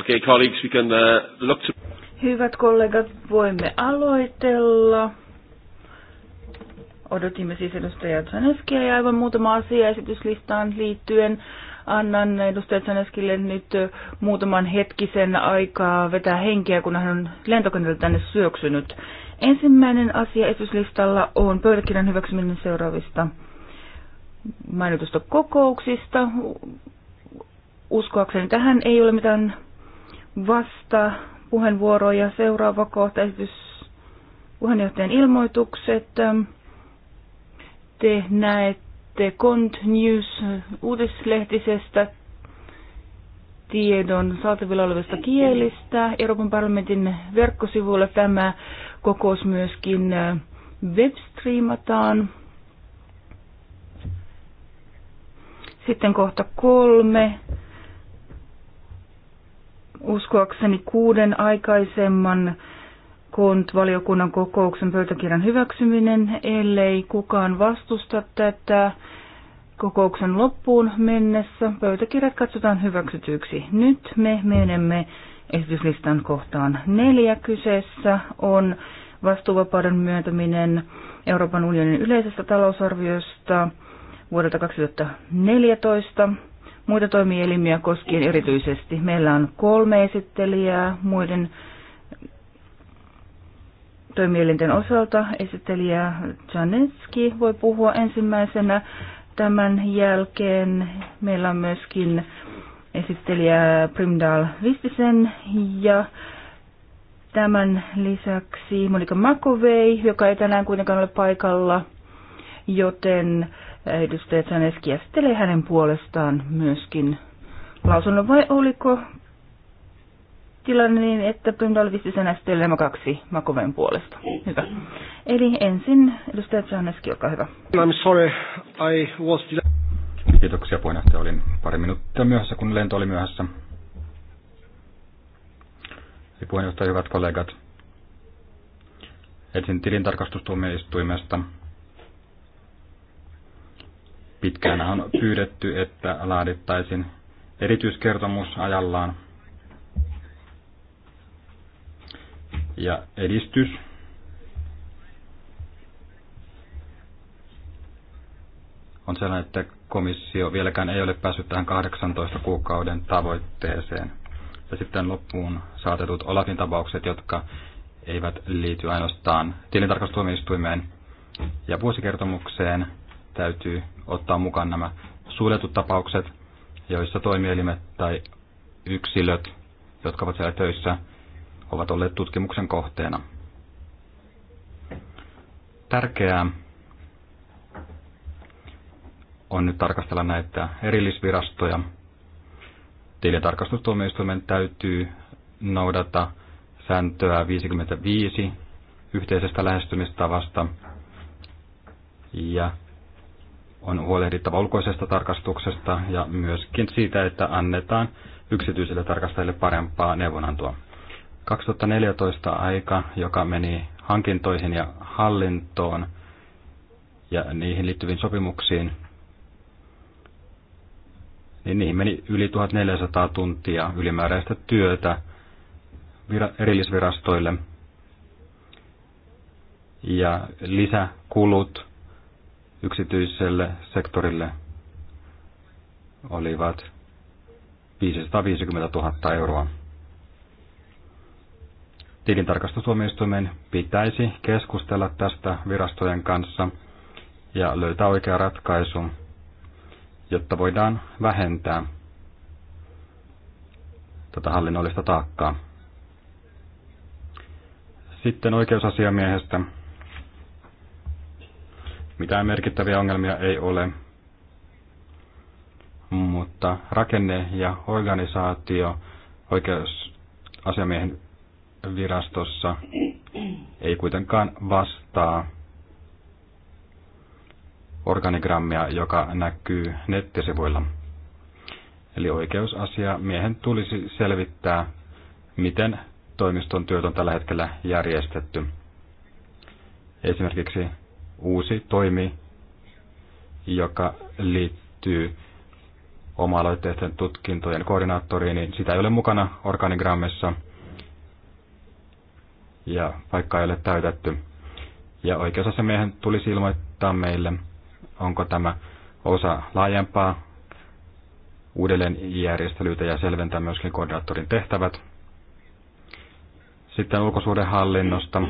Okay, colleagues, we can uh, look to... Hyvät kollegat, voimme aloitella. Odotimme siis edustaja Zaneskia ja aivan muutama asia esityslistaan liittyen. Annan edustaja Zaneskille nyt muutaman hetkisen aikaa vetää henkeä, kun hän on lentokentältä tänne syöksynyt. Ensimmäinen asia esityslistalla on pöytäkirjan hyväksyminen seuraavista mainitusta kokouksista uskoakseni tähän ei ole mitään vasta ja Seuraava kohta esitys puheenjohtajan ilmoitukset. Te näette Cont News uutislehtisestä tiedon saatavilla olevista kielistä. Euroopan parlamentin verkkosivuilla tämä kokous myöskin äh, webstreamataan. Sitten kohta kolme uskoakseni kuuden aikaisemman KONT-valiokunnan kokouksen pöytäkirjan hyväksyminen, ellei kukaan vastusta tätä kokouksen loppuun mennessä. Pöytäkirjat katsotaan hyväksytyksi. Nyt me menemme esityslistan kohtaan neljä. Kyseessä on vastuuvapauden myöntäminen Euroopan unionin yleisestä talousarviosta vuodelta 2014 muita toimielimiä koskien erityisesti. Meillä on kolme esittelijää muiden toimielinten osalta. Esittelijä Janetski voi puhua ensimmäisenä. Tämän jälkeen meillä on myöskin esittelijä Primdal Vistisen ja tämän lisäksi Monika Makovei, joka ei tänään kuitenkaan ole paikalla, joten edustaja Zaneski esittelee hänen puolestaan myöskin lausunnon, vai oliko tilanne niin, että Pyndal vissi sen STLM kaksi Makoven puolesta. Hyvä. Eli ensin edustaja Janeski, olkaa hyvä. I'm sorry, I was... Kiitoksia puheenjohtaja, olin pari minuuttia myöhässä, kun lento oli myöhässä. Eli puheenjohtaja, hyvät kollegat. Etsin tilintarkastustuomioistuimesta Pitkään on pyydetty, että laadittaisin erityiskertomus ajallaan. Ja edistys on sellainen, että komissio vieläkään ei ole päässyt tähän 18 kuukauden tavoitteeseen. Ja sitten loppuun saatetut Olafin tapaukset, jotka eivät liity ainoastaan tilintarkastustuomioistuimeen ja vuosikertomukseen – täytyy ottaa mukaan nämä suljetut tapaukset, joissa toimielimet tai yksilöt, jotka ovat siellä töissä, ovat olleet tutkimuksen kohteena. Tärkeää on nyt tarkastella näitä erillisvirastoja. Tilintarkastustuomioistuimen täytyy noudata sääntöä 55 yhteisestä lähestymistavasta ja on huolehdittava ulkoisesta tarkastuksesta ja myöskin siitä, että annetaan yksityisille tarkastajille parempaa neuvonantoa. 2014 aika, joka meni hankintoihin ja hallintoon ja niihin liittyviin sopimuksiin, niin niihin meni yli 1400 tuntia ylimääräistä työtä erillisvirastoille. Ja lisäkulut yksityiselle sektorille olivat 550 000 euroa. Tilintarkastustuomioistuimen pitäisi keskustella tästä virastojen kanssa ja löytää oikea ratkaisu, jotta voidaan vähentää tätä hallinnollista taakkaa. Sitten oikeusasiamiehestä. Mitään merkittäviä ongelmia ei ole, mutta rakenne ja organisaatio oikeusasiamiehen virastossa ei kuitenkaan vastaa organigrammia, joka näkyy nettisivuilla. Eli oikeusasiamiehen miehen tulisi selvittää, miten toimiston työt on tällä hetkellä järjestetty. Esimerkiksi uusi toimi, joka liittyy oma-aloitteisten tutkintojen koordinaattoriin, niin sitä ei ole mukana organigrammissa ja vaikka ei ole täytetty. Ja oikeusasemiehen tulisi ilmoittaa meille, onko tämä osa laajempaa uudelleenjärjestelyitä ja selventää myöskin koordinaattorin tehtävät. Sitten ulkosuhdehallinnosta.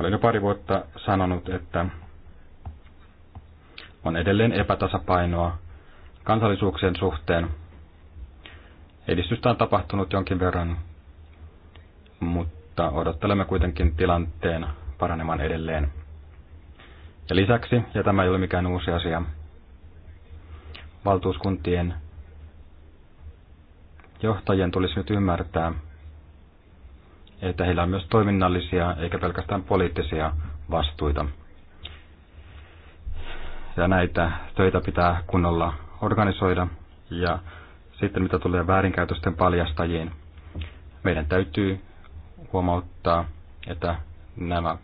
Olen jo pari vuotta sanonut, että on edelleen epätasapainoa kansallisuuksien suhteen. Edistystä on tapahtunut jonkin verran, mutta odottelemme kuitenkin tilanteen paranemaan edelleen. Ja lisäksi, ja tämä ei ole mikään uusi asia, valtuuskuntien johtajien tulisi nyt ymmärtää, että heillä on myös toiminnallisia eikä pelkästään poliittisia vastuita. Ja näitä töitä pitää kunnolla organisoida. Ja sitten mitä tulee väärinkäytösten paljastajiin, meidän täytyy huomauttaa, että nämä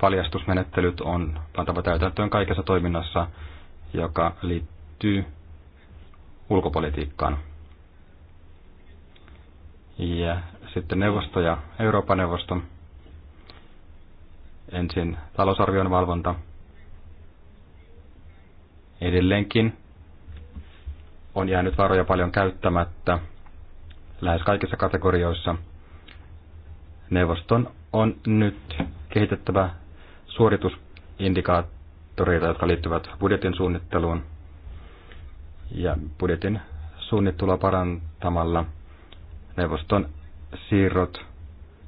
paljastusmenettelyt on pantava täytäntöön kaikessa toiminnassa, joka liittyy ulkopolitiikkaan. Ja sitten neuvosto ja Euroopan neuvosto. Ensin talousarvion valvonta. Edelleenkin on jäänyt varoja paljon käyttämättä lähes kaikissa kategorioissa. Neuvoston on nyt kehitettävä suoritusindikaattoreita, jotka liittyvät budjetin suunnitteluun ja budjetin suunnittelua parantamalla neuvoston siirrot,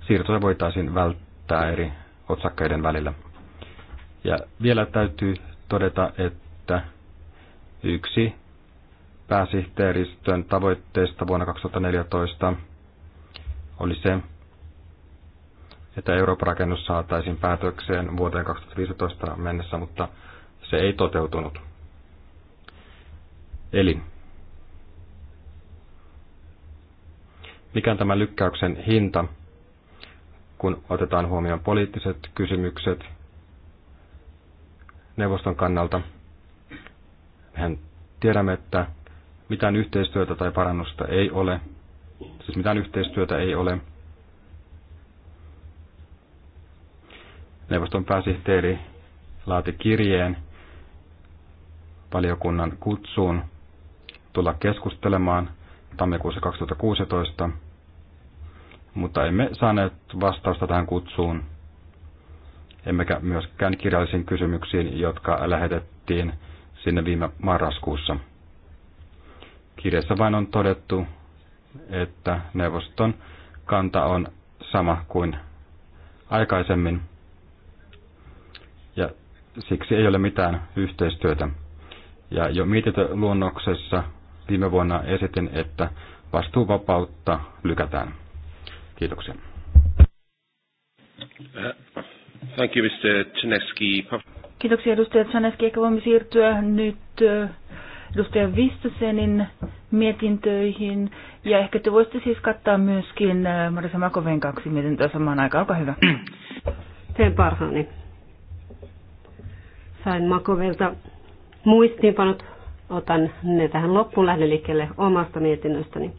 siirtoja voitaisiin välttää eri otsakkeiden välillä. Ja vielä täytyy todeta, että yksi pääsihteeristön tavoitteista vuonna 2014 oli se, että Euroopan rakennus saataisiin päätökseen vuoteen 2015 mennessä, mutta se ei toteutunut. Eli Mikä on tämän lykkäyksen hinta, kun otetaan huomioon poliittiset kysymykset neuvoston kannalta? Mehän tiedämme, että mitään yhteistyötä tai parannusta ei ole. Siis mitään yhteistyötä ei ole. Neuvoston pääsihteeri laati kirjeen valiokunnan kutsuun tulla keskustelemaan tammikuussa 2016 mutta emme saaneet vastausta tähän kutsuun, emmekä myöskään kirjallisiin kysymyksiin, jotka lähetettiin sinne viime marraskuussa. Kirjassa vain on todettu, että neuvoston kanta on sama kuin aikaisemmin, ja siksi ei ole mitään yhteistyötä. Ja jo mietintöluonnoksessa viime vuonna esitin, että vastuuvapautta lykätään. Kiitoksia. Uh, thank you, Mr. Chinesky. Kiitoksia edustaja Chaneski. Ehkä voimme siirtyä nyt uh, edustaja Vistasenin mietintöihin. Ja ehkä te voisitte siis kattaa myöskin uh, Marisa Makoven kaksi mietintöä samaan aikaan. Olkaa hyvä. Teen parhaani. Sain Makovelta muistiinpanot. Otan ne tähän loppuun lähdeliikkeelle omasta mietinnöstäni.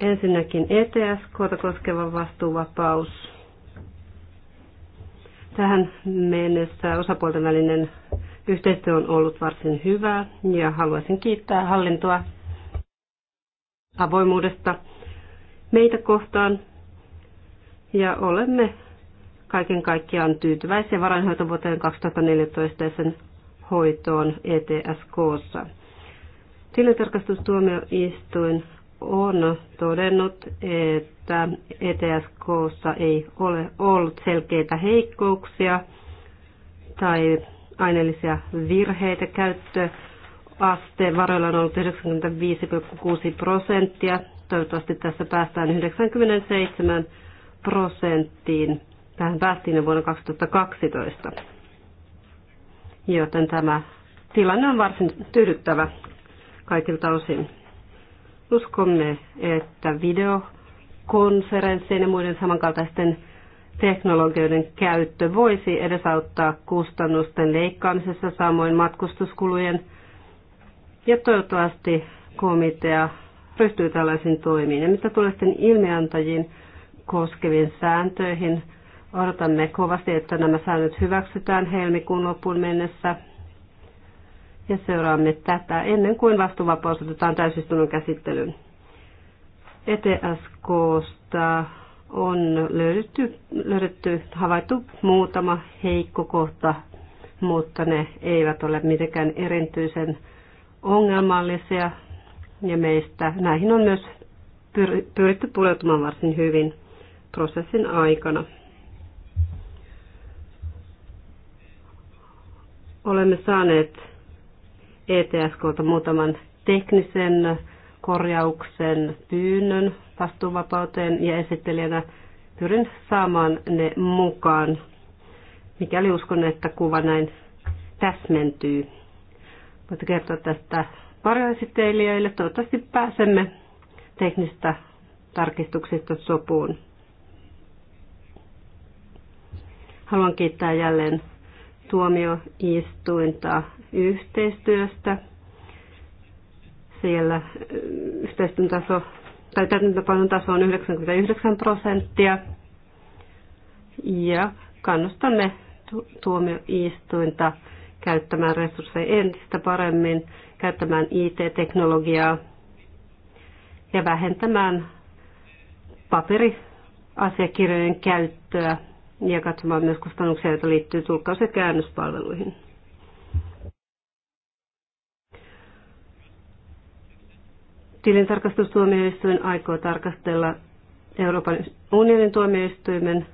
Ensinnäkin ETS-koota koskeva vastuuvapaus. Tähän mennessä osapuolten välinen yhteistyö on ollut varsin hyvää ja haluaisin kiittää hallintoa avoimuudesta meitä kohtaan ja olemme kaiken kaikkiaan tyytyväisiä varainhoitovuoteen 2014 ja sen hoitoon ETSKssa. Tilintarkastustuomioistuin on todennut, että ETSKssa ei ole ollut selkeitä heikkouksia tai aineellisia virheitä. Käyttöaste varoilla on ollut 95,6 prosenttia. Toivottavasti tässä päästään 97 prosenttiin. Tähän päästiin jo vuonna 2012. Joten tämä tilanne on varsin tyydyttävä kaikilta osin. Uskomme, että videokonferenssien ja muiden samankaltaisten teknologioiden käyttö voisi edesauttaa kustannusten leikkaamisessa samoin matkustuskulujen ja toivottavasti komitea ryhtyy tällaisiin toimiin. Ja mitä tulee sitten ilmiantajiin koskeviin sääntöihin, odotamme kovasti, että nämä säännöt hyväksytään helmikuun loppuun mennessä ja seuraamme tätä ennen kuin vastuuvapaus otetaan täysistunnon käsittelyyn. ETSKsta on löydetty, löydetty, havaittu muutama heikko kohta, mutta ne eivät ole mitenkään erityisen ongelmallisia ja meistä näihin on myös pyritty pureutumaan varsin hyvin prosessin aikana. Olemme saaneet ETSKlta muutaman teknisen korjauksen pyynnön vastuuvapauteen ja esittelijänä pyrin saamaan ne mukaan, mikäli uskon, että kuva näin täsmentyy. Voitte kertoa tästä varjoesittelijöille. Toivottavasti pääsemme teknistä tarkistuksista sopuun. Haluan kiittää jälleen tuomioistuinta yhteistyöstä. Siellä äh, yhteistyön taso tai täytäntöpanon taso on 99 prosenttia. Ja kannustamme tuomioistuinta käyttämään resursseja entistä paremmin, käyttämään IT-teknologiaa ja vähentämään paperiasiakirjojen käyttöä ja katsomaan myös kustannuksia, joita liittyy tulkkaus- ja käännöspalveluihin. Tilintarkastustuomioistuin aikoo tarkastella Euroopan unionin tuomioistuimen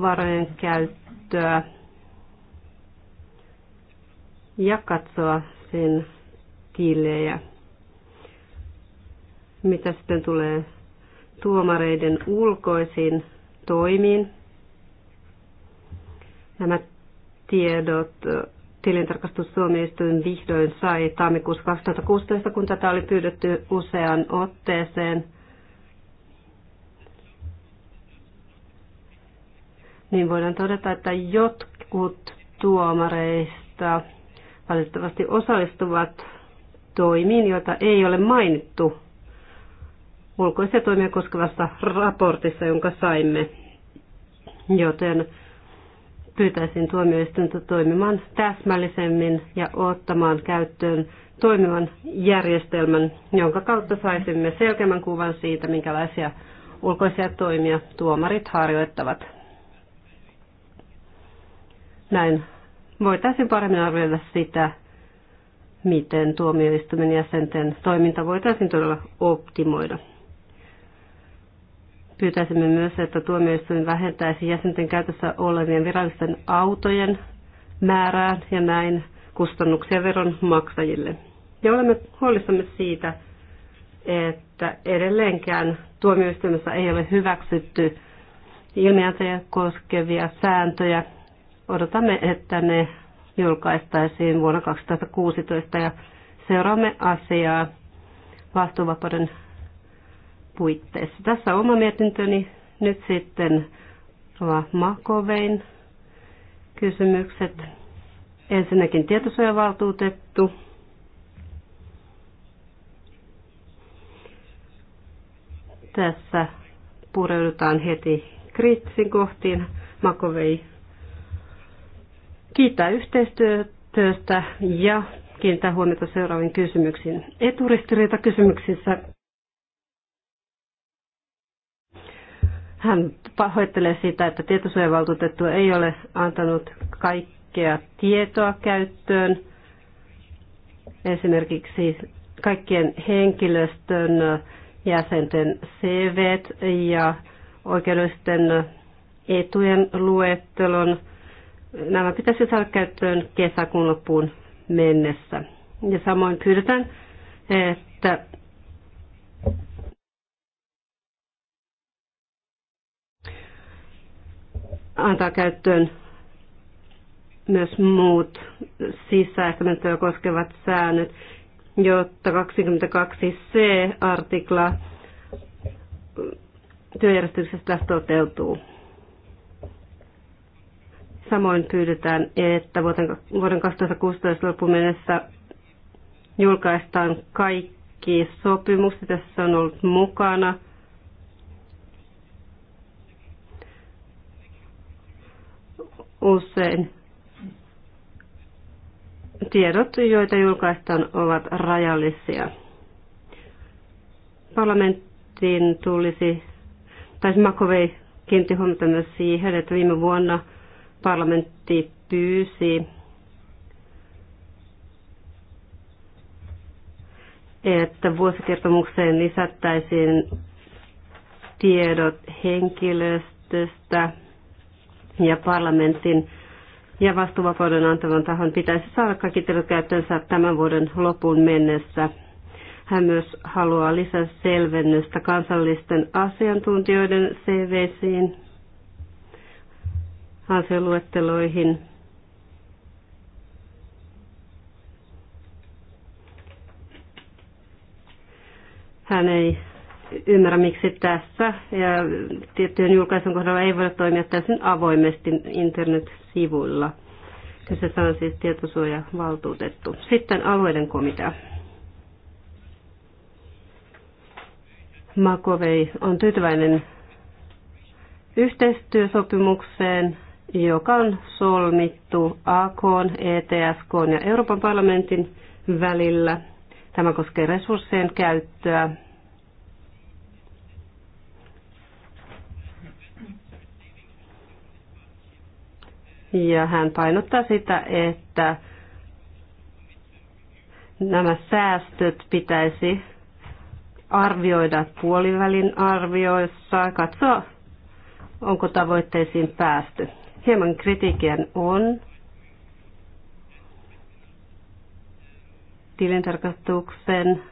varojen käyttöä ja katsoa sen tilejä. Mitä sitten tulee tuomareiden ulkoisiin toimiin? Nämä tiedot tilintarkastustuomioistuin vihdoin sai tammikuussa 2016, kun tätä oli pyydetty useaan otteeseen. Niin voidaan todeta, että jotkut tuomareista valitettavasti osallistuvat toimiin, joita ei ole mainittu ulkoisia toimia koskevassa raportissa, jonka saimme. Joten pyytäisin tuomioistuinta toimimaan täsmällisemmin ja ottamaan käyttöön toimivan järjestelmän, jonka kautta saisimme selkeämmän kuvan siitä, minkälaisia ulkoisia toimia tuomarit harjoittavat. Näin voitaisiin paremmin arvioida sitä, miten tuomioistuimen jäsenten toiminta voitaisiin todella optimoida. Pyytäisimme myös, että tuomioistuin vähentäisi jäsenten käytössä olevien virallisten autojen määrää ja näin kustannuksia maksajille. Ja olemme huolissamme siitä, että edelleenkään tuomioistuimessa ei ole hyväksytty ilmiantajia koskevia sääntöjä. Odotamme, että ne julkaistaisiin vuonna 2016 ja seuraamme asiaa vastuuvapauden puitteissa. Tässä oma mietintöni. Nyt sitten Makovein kysymykset. Ensinnäkin tietosuojavaltuutettu. Tässä pureudutaan heti kriittisiin kohtiin. Makovei kiittää yhteistyöstä ja kiinnittää huomiota seuraaviin kysymyksiin. Eturistiriita kysymyksissä Hän pahoittelee sitä, että tietosuojavaltuutettu ei ole antanut kaikkea tietoa käyttöön. Esimerkiksi kaikkien henkilöstön jäsenten CV ja oikeudellisten etujen luettelon. Nämä pitäisi saada käyttöön kesäkuun loppuun mennessä. Ja samoin pyydetään, että antaa käyttöön myös muut sisäistämäntöä koskevat säännöt, jotta 22c-artikla työjärjestyksestä toteutuu. Samoin pyydetään, että vuoden 2016 loppuun mennessä julkaistaan kaikki sopimukset, tässä on ollut mukana – usein tiedot, joita julkaistaan, ovat rajallisia. Parlamenttiin tulisi, tai Makovei kiinnitti huomiota myös siihen, että viime vuonna parlamentti pyysi, että vuosikertomukseen lisättäisiin tiedot henkilöstöstä, ja parlamentin ja vastuuvapauden antavan tahon pitäisi saada kaikki tiedot käyttöönsä tämän vuoden lopun mennessä. Hän myös haluaa lisää selvennystä kansallisten asiantuntijoiden CV: CV-siin, ansioluetteloihin hän ei ymmärrä, miksi tässä ja tiettyjen julkaisun kohdalla ei voida toimia täysin avoimesti internet-sivuilla. Kyseessä on siis tietosuojavaltuutettu. Sitten alueiden komitea. Makovei on tyytyväinen yhteistyösopimukseen, joka on solmittu AK, ETSK ja Euroopan parlamentin välillä. Tämä koskee resurssien käyttöä Ja hän painottaa sitä, että nämä säästöt pitäisi arvioida puolivälin arvioissa, katsoa onko tavoitteisiin päästy. Hieman kritiikkiä on. Tilintarkastuksen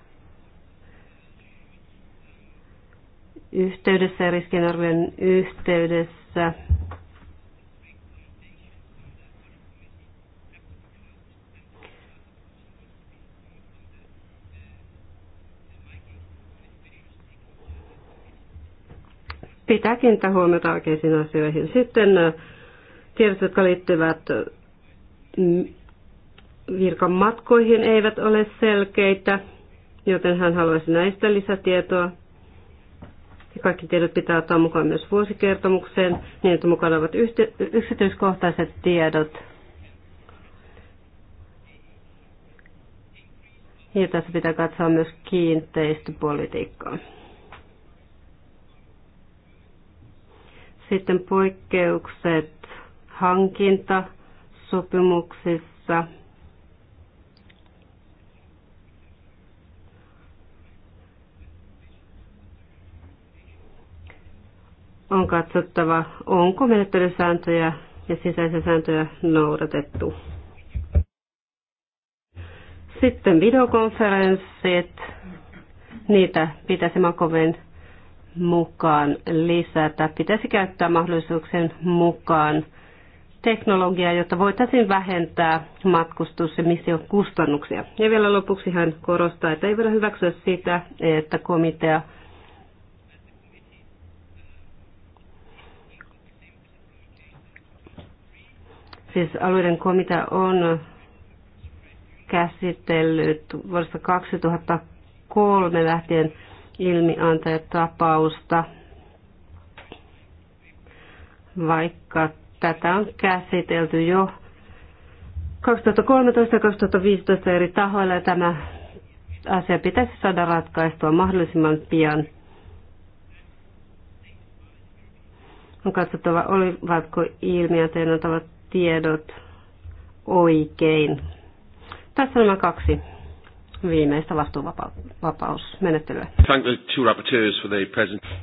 yhteydessä ja riskinarvion yhteydessä pitää kiinnittää huomiota oikeisiin asioihin. Sitten tiedot, jotka liittyvät mm, matkoihin, eivät ole selkeitä, joten hän haluaisi näistä lisätietoa. Kaikki tiedot pitää ottaa mukaan myös vuosikertomukseen, niin että mukana ovat yksityiskohtaiset tiedot. Ja tässä pitää katsoa myös kiinteistöpolitiikkaa. Sitten poikkeukset hankintasopimuksissa. On katsottava, onko menettelysääntöjä ja sisäisiä sääntöjä noudatettu. Sitten videokonferenssit. Niitä pitäisi makoven mukaan lisätä. Pitäisi käyttää mahdollisuuksien mukaan teknologiaa, jotta voitaisiin vähentää matkustus- ja mission kustannuksia. Ja vielä lopuksi hän korostaa, että ei voida hyväksyä sitä, että komitea Siis alueiden komitea on käsitellyt vuodesta 2003 lähtien ilmiantajatapausta, vaikka tätä on käsitelty jo 2013 ja 2015 eri tahoilla ja tämä asia pitäisi saada ratkaistua mahdollisimman pian. On katsottava, olivatko ilmiöteen tiedot oikein. Tässä nämä kaksi viimeistä vastuuvapausmenettelyä.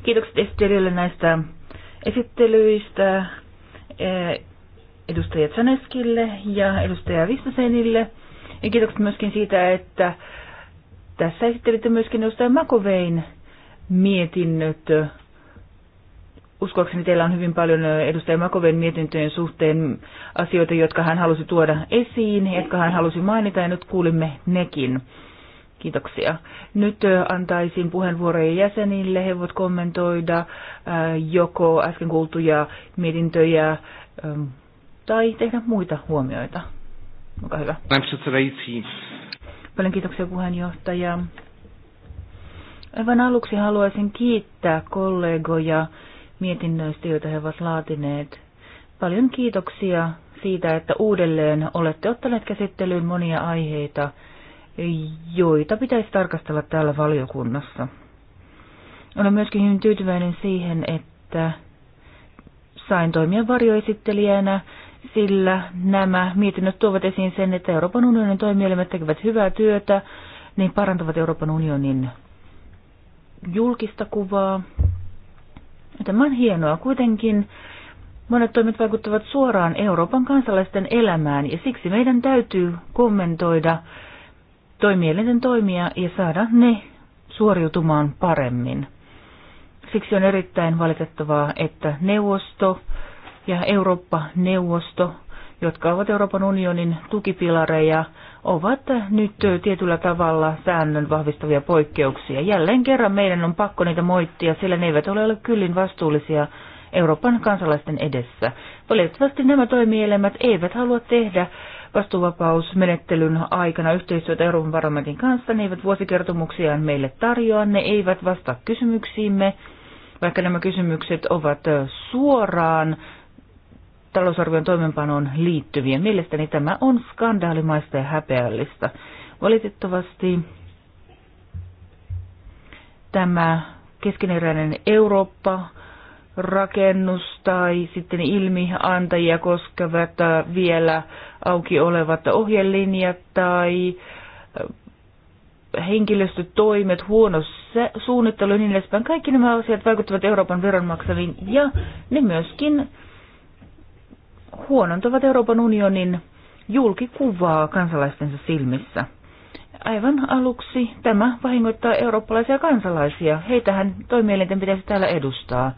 Kiitokset esittelijöille näistä esittelyistä e, edustaja Tsaneskille ja edustaja Vistasenille. Ja kiitokset myöskin siitä, että tässä esittelitte myöskin edustaja Makovein mietinnöt. Uskoakseni teillä on hyvin paljon edustaja Makoven mietintöjen suhteen asioita, jotka hän halusi tuoda esiin, jotka hän halusi mainita, ja nyt kuulimme nekin. Kiitoksia. Nyt antaisin puheenvuoroja jäsenille. He voivat kommentoida joko äsken kuultuja mietintöjä tai tehdä muita huomioita. Olkaa hyvä. Paljon kiitoksia puheenjohtaja. Aivan aluksi haluaisin kiittää kollegoja mietinnöistä, joita he ovat laatineet. Paljon kiitoksia siitä, että uudelleen olette ottaneet käsittelyyn monia aiheita, joita pitäisi tarkastella täällä valiokunnassa. Olen myöskin hyvin tyytyväinen siihen, että sain toimia varjoesittelijänä, sillä nämä mietinnöt tuovat esiin sen, että Euroopan unionin toimielimet tekevät hyvää työtä, niin parantavat Euroopan unionin julkista kuvaa. Tämä on hienoa. Kuitenkin monet toimet vaikuttavat suoraan Euroopan kansalaisten elämään ja siksi meidän täytyy kommentoida toimielinten toimia ja saada ne suoriutumaan paremmin. Siksi on erittäin valitettavaa, että neuvosto ja Eurooppa-neuvosto, jotka ovat Euroopan unionin tukipilareja, ovat nyt tietyllä tavalla säännön vahvistavia poikkeuksia. Jälleen kerran meidän on pakko niitä moittia, sillä ne eivät ole ollut kyllin vastuullisia Euroopan kansalaisten edessä. Valitettavasti nämä toimielimet eivät halua tehdä vastuuvapausmenettelyn aikana yhteistyötä Euroopan parlamentin kanssa. Ne eivät vuosikertomuksiaan meille tarjoa, ne eivät vastaa kysymyksiimme, vaikka nämä kysymykset ovat suoraan talousarvion toimenpanoon liittyviä. Mielestäni tämä on skandaalimaista ja häpeällistä. Valitettavasti tämä keskeneräinen Eurooppa, rakennus- tai sitten ilmiantajia koskevat äh, vielä auki olevat ohjelinjat tai äh, henkilöstötoimet, huono suunnittelu ja niin edespäin. Kaikki nämä asiat vaikuttavat Euroopan veronmaksaviin ja ne myöskin huonontavat Euroopan unionin julkikuvaa kansalaistensa silmissä. Aivan aluksi tämä vahingoittaa eurooppalaisia kansalaisia. Heitähän toimielinten pitäisi täällä edustaa.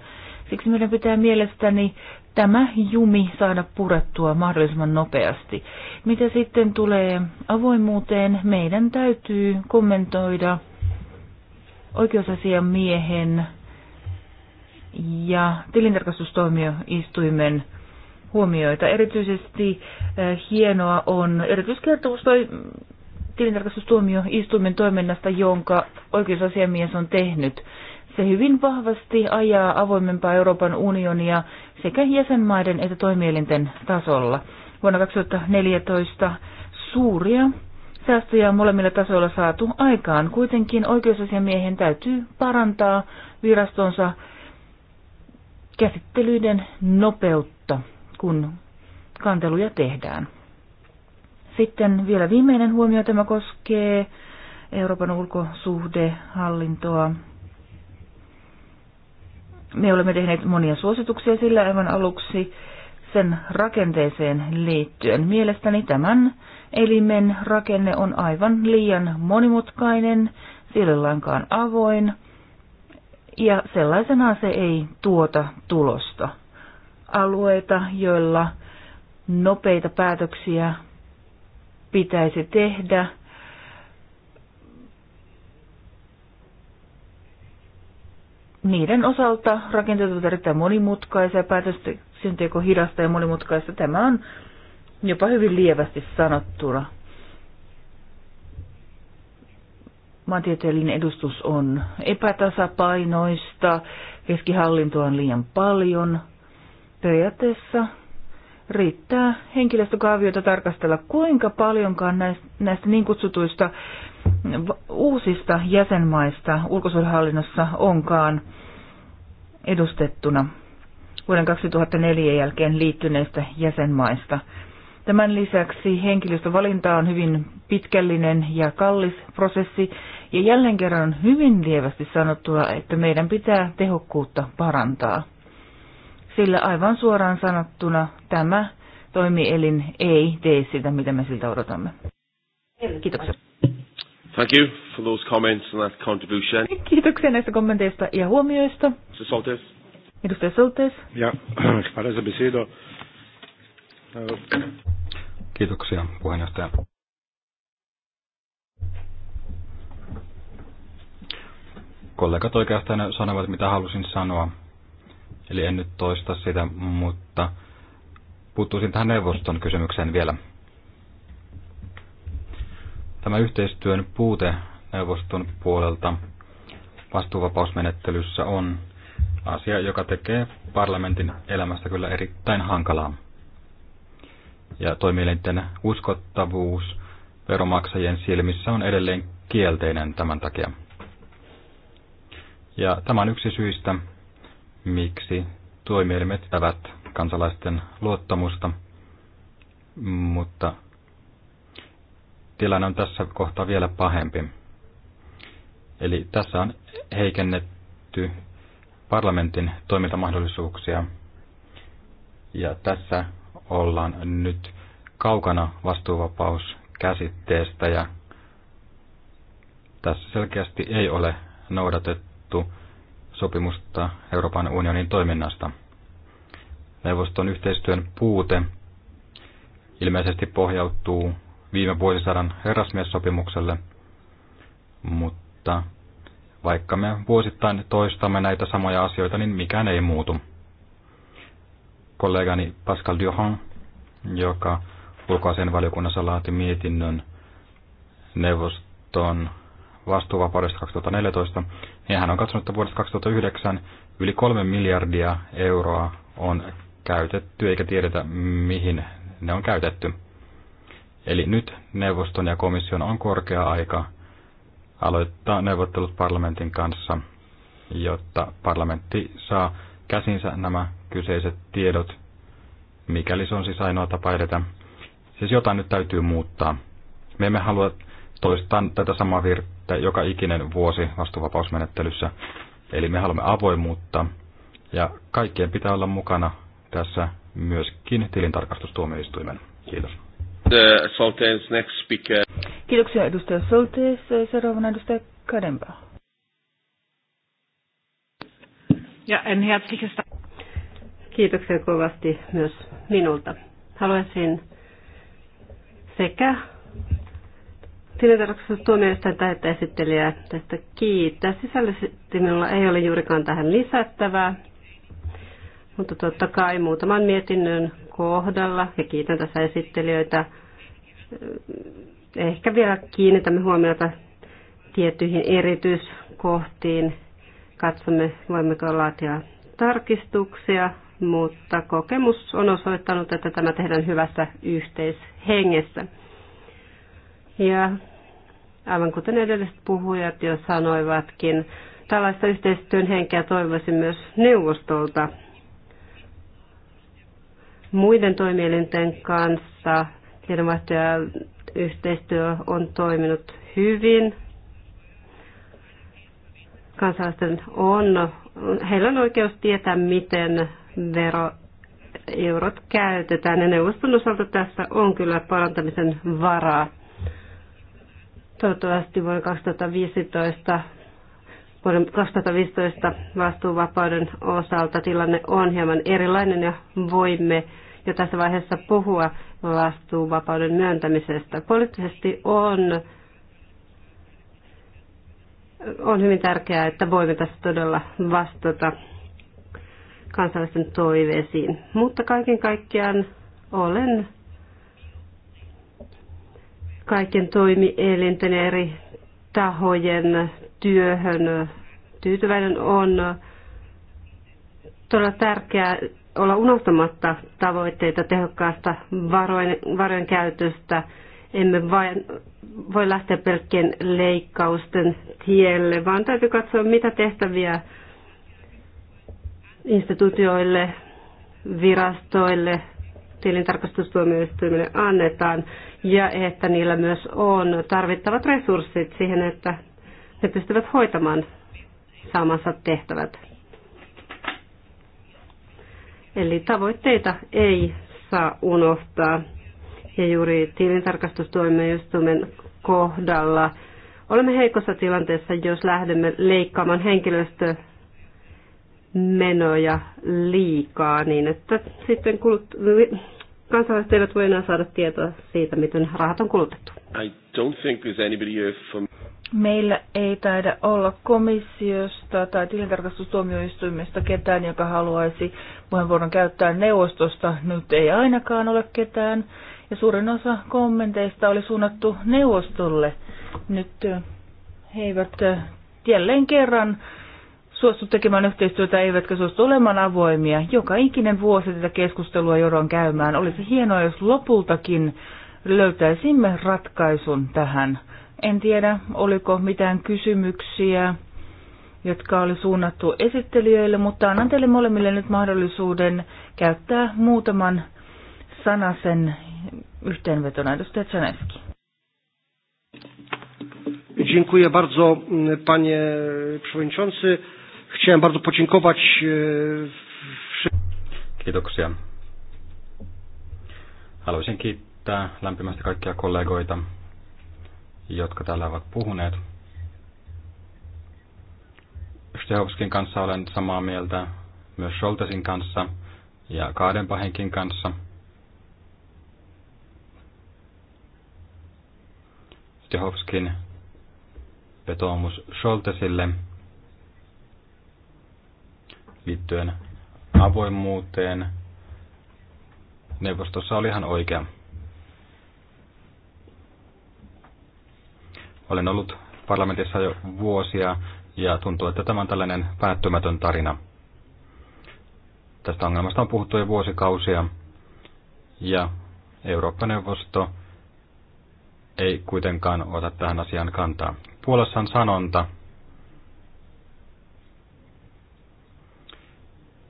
Siksi meidän pitää mielestäni tämä jumi saada purettua mahdollisimman nopeasti. Mitä sitten tulee avoimuuteen, meidän täytyy kommentoida oikeusasian miehen ja tilintarkastustoimioistuimen huomioita. Erityisesti äh, hienoa on erityiskertomus toi tilintarkastustuomioistuimen toiminnasta, jonka oikeusasiamies on tehnyt. Se hyvin vahvasti ajaa avoimempaa Euroopan unionia sekä jäsenmaiden että toimielinten tasolla. Vuonna 2014 suuria säästöjä on molemmilla tasoilla saatu aikaan. Kuitenkin oikeusasiamiehen täytyy parantaa virastonsa käsittelyiden nopeutta, kun kanteluja tehdään. Sitten vielä viimeinen huomio, tämä koskee Euroopan ulkosuhdehallintoa me olemme tehneet monia suosituksia sillä aivan aluksi sen rakenteeseen liittyen. Mielestäni tämän elimen rakenne on aivan liian monimutkainen, sillä lainkaan avoin, ja sellaisena se ei tuota tulosta. Alueita, joilla nopeita päätöksiä pitäisi tehdä, niiden osalta rakenteet ovat erittäin monimutkaisia, päätöksenteko hidasta ja monimutkaista. Tämä on jopa hyvin lievästi sanottuna. Maantieteellinen edustus on epätasapainoista, keskihallintoa on liian paljon. Periaatteessa riittää henkilöstökaaviota tarkastella, kuinka paljonkaan näistä, näistä niin kutsutuista uusista jäsenmaista ulkosuojelhallinnossa onkaan edustettuna vuoden 2004 jälkeen liittyneistä jäsenmaista. Tämän lisäksi henkilöstövalinta on hyvin pitkällinen ja kallis prosessi, ja jälleen kerran on hyvin lievästi sanottua, että meidän pitää tehokkuutta parantaa. Sillä aivan suoraan sanottuna tämä toimielin ei tee sitä, mitä me siltä odotamme. Kiitoksia. Thank you for those comments and that contribution. Kiitoksia näistä kommenteista ja huomioista. Mr. Soltes. Edustaja Soltes. Ja, hvala za besedo. Kiitoksia puheenjohtaja. Kollegat oikeastaan sanovat, mitä halusin sanoa. Eli en nyt toista sitä, mutta puuttuisin tähän neuvoston kysymykseen vielä. Tämä yhteistyön puute neuvoston puolelta vastuuvapausmenettelyssä on asia, joka tekee parlamentin elämästä kyllä erittäin hankalaa. Ja toimielinten uskottavuus veromaksajien silmissä on edelleen kielteinen tämän takia. Ja tämä on yksi syistä, miksi toimielimet tävät kansalaisten luottamusta, mutta tilanne on tässä kohtaa vielä pahempi. Eli tässä on heikennetty parlamentin toimintamahdollisuuksia. Ja tässä ollaan nyt kaukana vastuuvapauskäsitteestä ja tässä selkeästi ei ole noudatettu sopimusta Euroopan unionin toiminnasta. Neuvoston yhteistyön puute ilmeisesti pohjautuu viime vuosisadan herrasmiessopimukselle, mutta vaikka me vuosittain toistamme näitä samoja asioita, niin mikään ei muutu. Kollegani Pascal Duhon, joka ulkoasian valiokunnassa laati mietinnön neuvoston vastuuvapaudesta 2014, niin hän on katsonut, että vuodesta 2009 yli kolme miljardia euroa on käytetty, eikä tiedetä mihin ne on käytetty. Eli nyt neuvoston ja komission on korkea aika aloittaa neuvottelut parlamentin kanssa, jotta parlamentti saa käsinsä nämä kyseiset tiedot, mikäli se on siis ainoa tapa edetä. Siis jotain nyt täytyy muuttaa. Me emme halua toistaa tätä samaa virttä joka ikinen vuosi vastuvapausmenettelyssä. Eli me haluamme avoimuutta ja kaikkien pitää olla mukana tässä myöskin tilintarkastustuomioistuimen. Kiitos. Soltes, next speaker. Kiitoksia edustaja Soltes. Seuraavana edustaja Kadempa. Ja en herzliches Kiitoksia kovasti myös minulta. Haluaisin sekä tilintarkastustuomioistuinta että esittelijää tästä kiittää. Sisällisesti minulla ei ole juurikaan tähän lisättävää, mutta totta kai muutaman mietinnön kohdalla, ja kiitän tässä esittelijöitä, ehkä vielä kiinnitämme huomiota tiettyihin erityiskohtiin. Katsomme, voimmeko laatia tarkistuksia, mutta kokemus on osoittanut, että tämä tehdään hyvässä yhteishengessä. Ja aivan kuten edelliset puhujat jo sanoivatkin, tällaista yhteistyön henkeä toivoisin myös neuvostolta muiden toimielinten kanssa. Tiedonvaihto ja yhteistyö on toiminut hyvin. Kansalaisten on, heillä on oikeus tietää, miten vero eurot käytetään. Ja neuvoston osalta tässä on kyllä parantamisen varaa. Toivottavasti vuonna 2015 vuoden 2015 vastuuvapauden osalta tilanne on hieman erilainen ja voimme jo tässä vaiheessa puhua vastuuvapauden myöntämisestä. Poliittisesti on, on hyvin tärkeää, että voimme tässä todella vastata kansalaisten toiveisiin. Mutta kaiken kaikkiaan olen kaiken toimielinten ja eri tahojen työhön tyytyväinen on todella tärkeää olla unohtamatta tavoitteita tehokkaasta varojen, varojen käytöstä. Emme vain voi lähteä pelkkien leikkausten tielle, vaan täytyy katsoa, mitä tehtäviä instituutioille, virastoille, tilintarkastustuomioistuimille annetaan ja että niillä myös on tarvittavat resurssit siihen, että he pystyvät hoitamaan saamansa tehtävät. Eli tavoitteita ei saa unohtaa. Ja juuri tilintarkastustuomioistuimen kohdalla olemme heikossa tilanteessa, jos lähdemme leikkaamaan henkilöstömenoja liikaa, niin että sitten kulut... kansalaiset eivät voi enää saada tietoa siitä, miten rahat on kulutettu. I don't think there's anybody here from... Meillä ei taida olla komissiosta tai tilintarkastustuomioistuimesta ketään, joka haluaisi puheenvuoron käyttää neuvostosta. Nyt ei ainakaan ole ketään. Ja suurin osa kommenteista oli suunnattu neuvostolle. Nyt he eivät jälleen kerran suostu tekemään yhteistyötä, eivätkä suostu olemaan avoimia. Joka ikinen vuosi tätä keskustelua joudun käymään. Olisi hienoa, jos lopultakin löytäisimme ratkaisun tähän en tiedä, oliko mitään kysymyksiä, jotka oli suunnattu esittelijöille, mutta annan teille molemmille nyt mahdollisuuden käyttää muutaman sanasen yhteenvetona. Edustaja Czanewski. Dziękuję bardzo panie przewodniczący. Chciałem bardzo podziękować e, Kiitoksia. Haluaisin kiittää lämpimästi kaikkia kollegoita jotka täällä ovat puhuneet. Stehovskin kanssa olen samaa mieltä, myös Scholtesin kanssa ja Kaadenpahenkin kanssa. Stehovskin vetoomus Scholtesille liittyen avoimuuteen neuvostossa oli ihan oikea. Olen ollut parlamentissa jo vuosia ja tuntuu, että tämä on tällainen päättymätön tarina. Tästä ongelmasta on puhuttu jo vuosikausia ja Eurooppa-neuvosto ei kuitenkaan ota tähän asiaan kantaa. Puolassa on sanonta,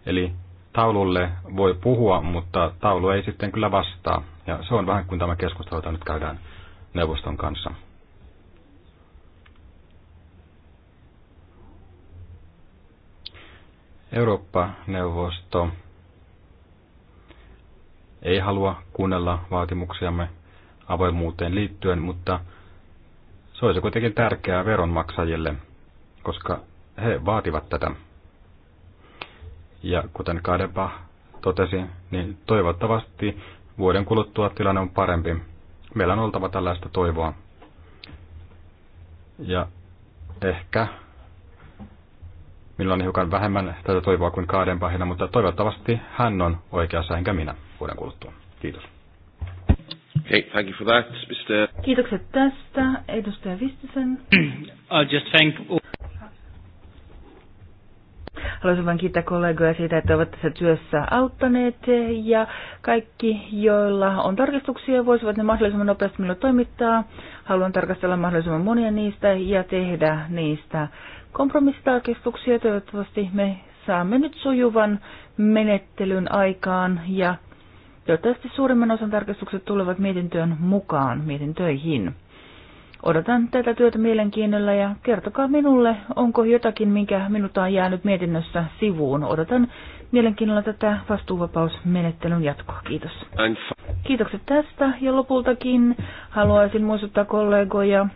eli taululle voi puhua, mutta taulu ei sitten kyllä vastaa. Ja se on vähän kuin tämä keskustelu, jota nyt käydään neuvoston kanssa. Eurooppa-neuvosto ei halua kuunnella vaatimuksiamme avoimuuteen liittyen, mutta se olisi kuitenkin tärkeää veronmaksajille, koska he vaativat tätä. Ja kuten Kadepa totesi, niin toivottavasti vuoden kuluttua tilanne on parempi. Meillä on oltava tällaista toivoa. Ja ehkä Minulla on hiukan vähemmän tätä toivoa kuin Kaadenpahina, mutta toivottavasti hän on oikeassa enkä minä vuoden kuluttua. Kiitos. Okay, thank you for that, Mr. Kiitokset tästä, edustaja Vistisen. I'll just thank Haluaisin vain kiittää kollegoja siitä, että ovat tässä työssä auttaneet ja kaikki, joilla on tarkastuksia, voisivat ne mahdollisimman nopeasti minulle toimittaa. Haluan tarkastella mahdollisimman monia niistä ja tehdä niistä kompromissitarkistuksia. Toivottavasti me saamme nyt sujuvan menettelyn aikaan ja toivottavasti suurimman osan tarkistukset tulevat mietintöön mukaan, mietintöihin. Odotan tätä työtä mielenkiinnolla ja kertokaa minulle, onko jotakin, minkä minulta on jäänyt mietinnössä sivuun. Odotan mielenkiinnolla tätä vastuuvapausmenettelyn jatkoa. Kiitos. Kiitokset tästä ja lopultakin haluaisin muistuttaa kollegoja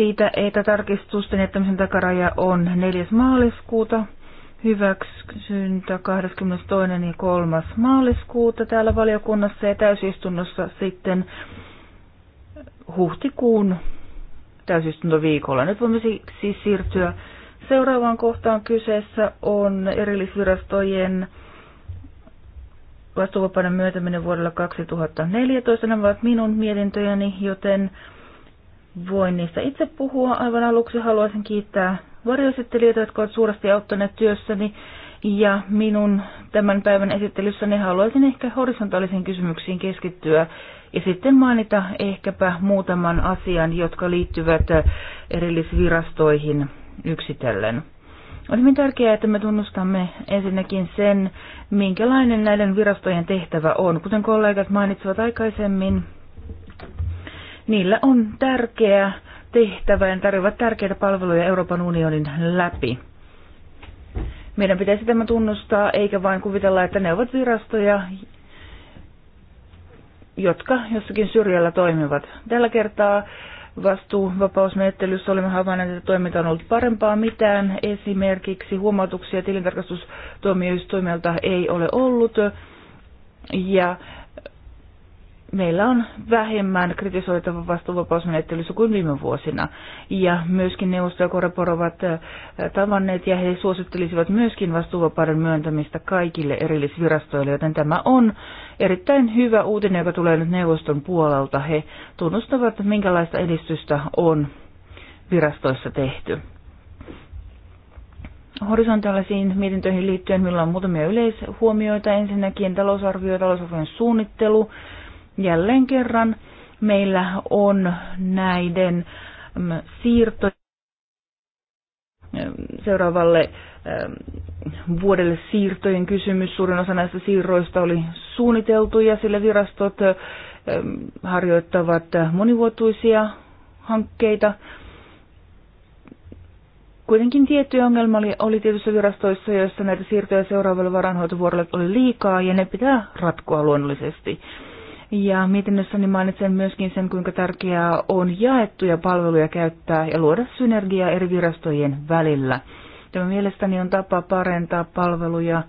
siitä, että tarkistusten jättämisen takaraja on 4. maaliskuuta, hyväksyntä 22. ja 3. maaliskuuta täällä valiokunnassa ja täysistunnossa sitten huhtikuun täysistuntoviikolla. Nyt voimme siis siirtyä seuraavaan kohtaan. Kyseessä on erillisvirastojen vastuuvapauden myöntäminen vuodelle 2014. Nämä ovat minun mietintöjäni, joten voin niistä itse puhua. Aivan aluksi haluaisin kiittää varjoesittelijöitä, jotka ovat suuresti auttaneet työssäni. Ja minun tämän päivän esittelyssäni haluaisin ehkä horisontaalisiin kysymyksiin keskittyä ja sitten mainita ehkäpä muutaman asian, jotka liittyvät erillisvirastoihin yksitellen. On hyvin tärkeää, että me tunnustamme ensinnäkin sen, minkälainen näiden virastojen tehtävä on. Kuten kollegat mainitsivat aikaisemmin, Niillä on tärkeä tehtävä ja tarjoavat tärkeitä palveluja Euroopan unionin läpi. Meidän pitäisi tämä tunnustaa, eikä vain kuvitella, että ne ovat virastoja, jotka jossakin syrjällä toimivat. Tällä kertaa vastuuvapausmenettelyssä olemme havainneet, että toiminta on ollut parempaa mitään. Esimerkiksi huomautuksia tilintarkastustuomioistuimelta ei ole ollut. Ja meillä on vähemmän kritisoitava vastuuvapausmenettelyssä kuin viime vuosina. Ja myöskin neuvosto ja Korepor ovat tavanneet ja he suosittelisivat myöskin vastuuvapauden myöntämistä kaikille erillisvirastoille, joten tämä on erittäin hyvä uutinen, joka tulee nyt neuvoston puolelta. He tunnustavat, minkälaista edistystä on virastoissa tehty. Horisontaalisiin mietintöihin liittyen meillä on muutamia yleishuomioita. Ensinnäkin talousarvio, talousarvion suunnittelu, jälleen kerran meillä on näiden mm, siirtojen mm, seuraavalle mm, vuodelle siirtojen kysymys. Suurin osa näistä siirroista oli suunniteltu ja sillä virastot harjoittavat monivuotuisia hankkeita. Kuitenkin tietty ongelma oli, oli tietyissä virastoissa, joissa näitä siirtoja seuraavalle varanhoitovuorolle oli liikaa ja ne pitää ratkoa luonnollisesti. Ja mietinnössäni mainitsen myöskin sen, kuinka tärkeää on jaettuja palveluja käyttää ja luoda synergiaa eri virastojen välillä. Tämä mielestäni on tapa parantaa palveluja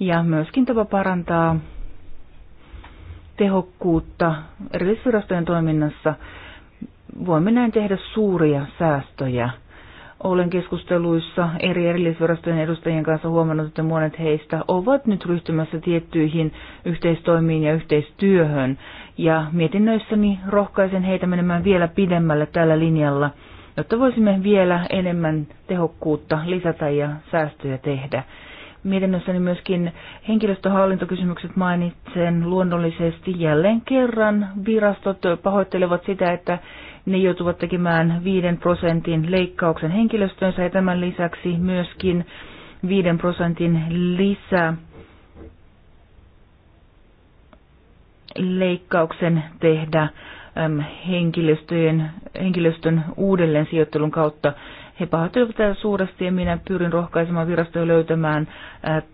ja myöskin tapa parantaa tehokkuutta erillisvirastojen toiminnassa. Voimme näin tehdä suuria säästöjä olen keskusteluissa eri erillisvirastojen edustajien kanssa huomannut, että monet heistä ovat nyt ryhtymässä tiettyihin yhteistoimiin ja yhteistyöhön. Ja mietinnöissäni rohkaisen heitä menemään vielä pidemmälle tällä linjalla, jotta voisimme vielä enemmän tehokkuutta lisätä ja säästöjä tehdä. Mietinnössäni myöskin henkilöstöhallintokysymykset mainitsen luonnollisesti jälleen kerran. Virastot pahoittelevat sitä, että ne joutuvat tekemään 5 prosentin leikkauksen henkilöstönsä ja tämän lisäksi myöskin 5 prosentin lisä leikkauksen tehdä henkilöstöjen, henkilöstön uudelleen sijoittelun kautta. He pahoittelevat tätä suuresti ja minä pyrin rohkaisemaan virastoja löytämään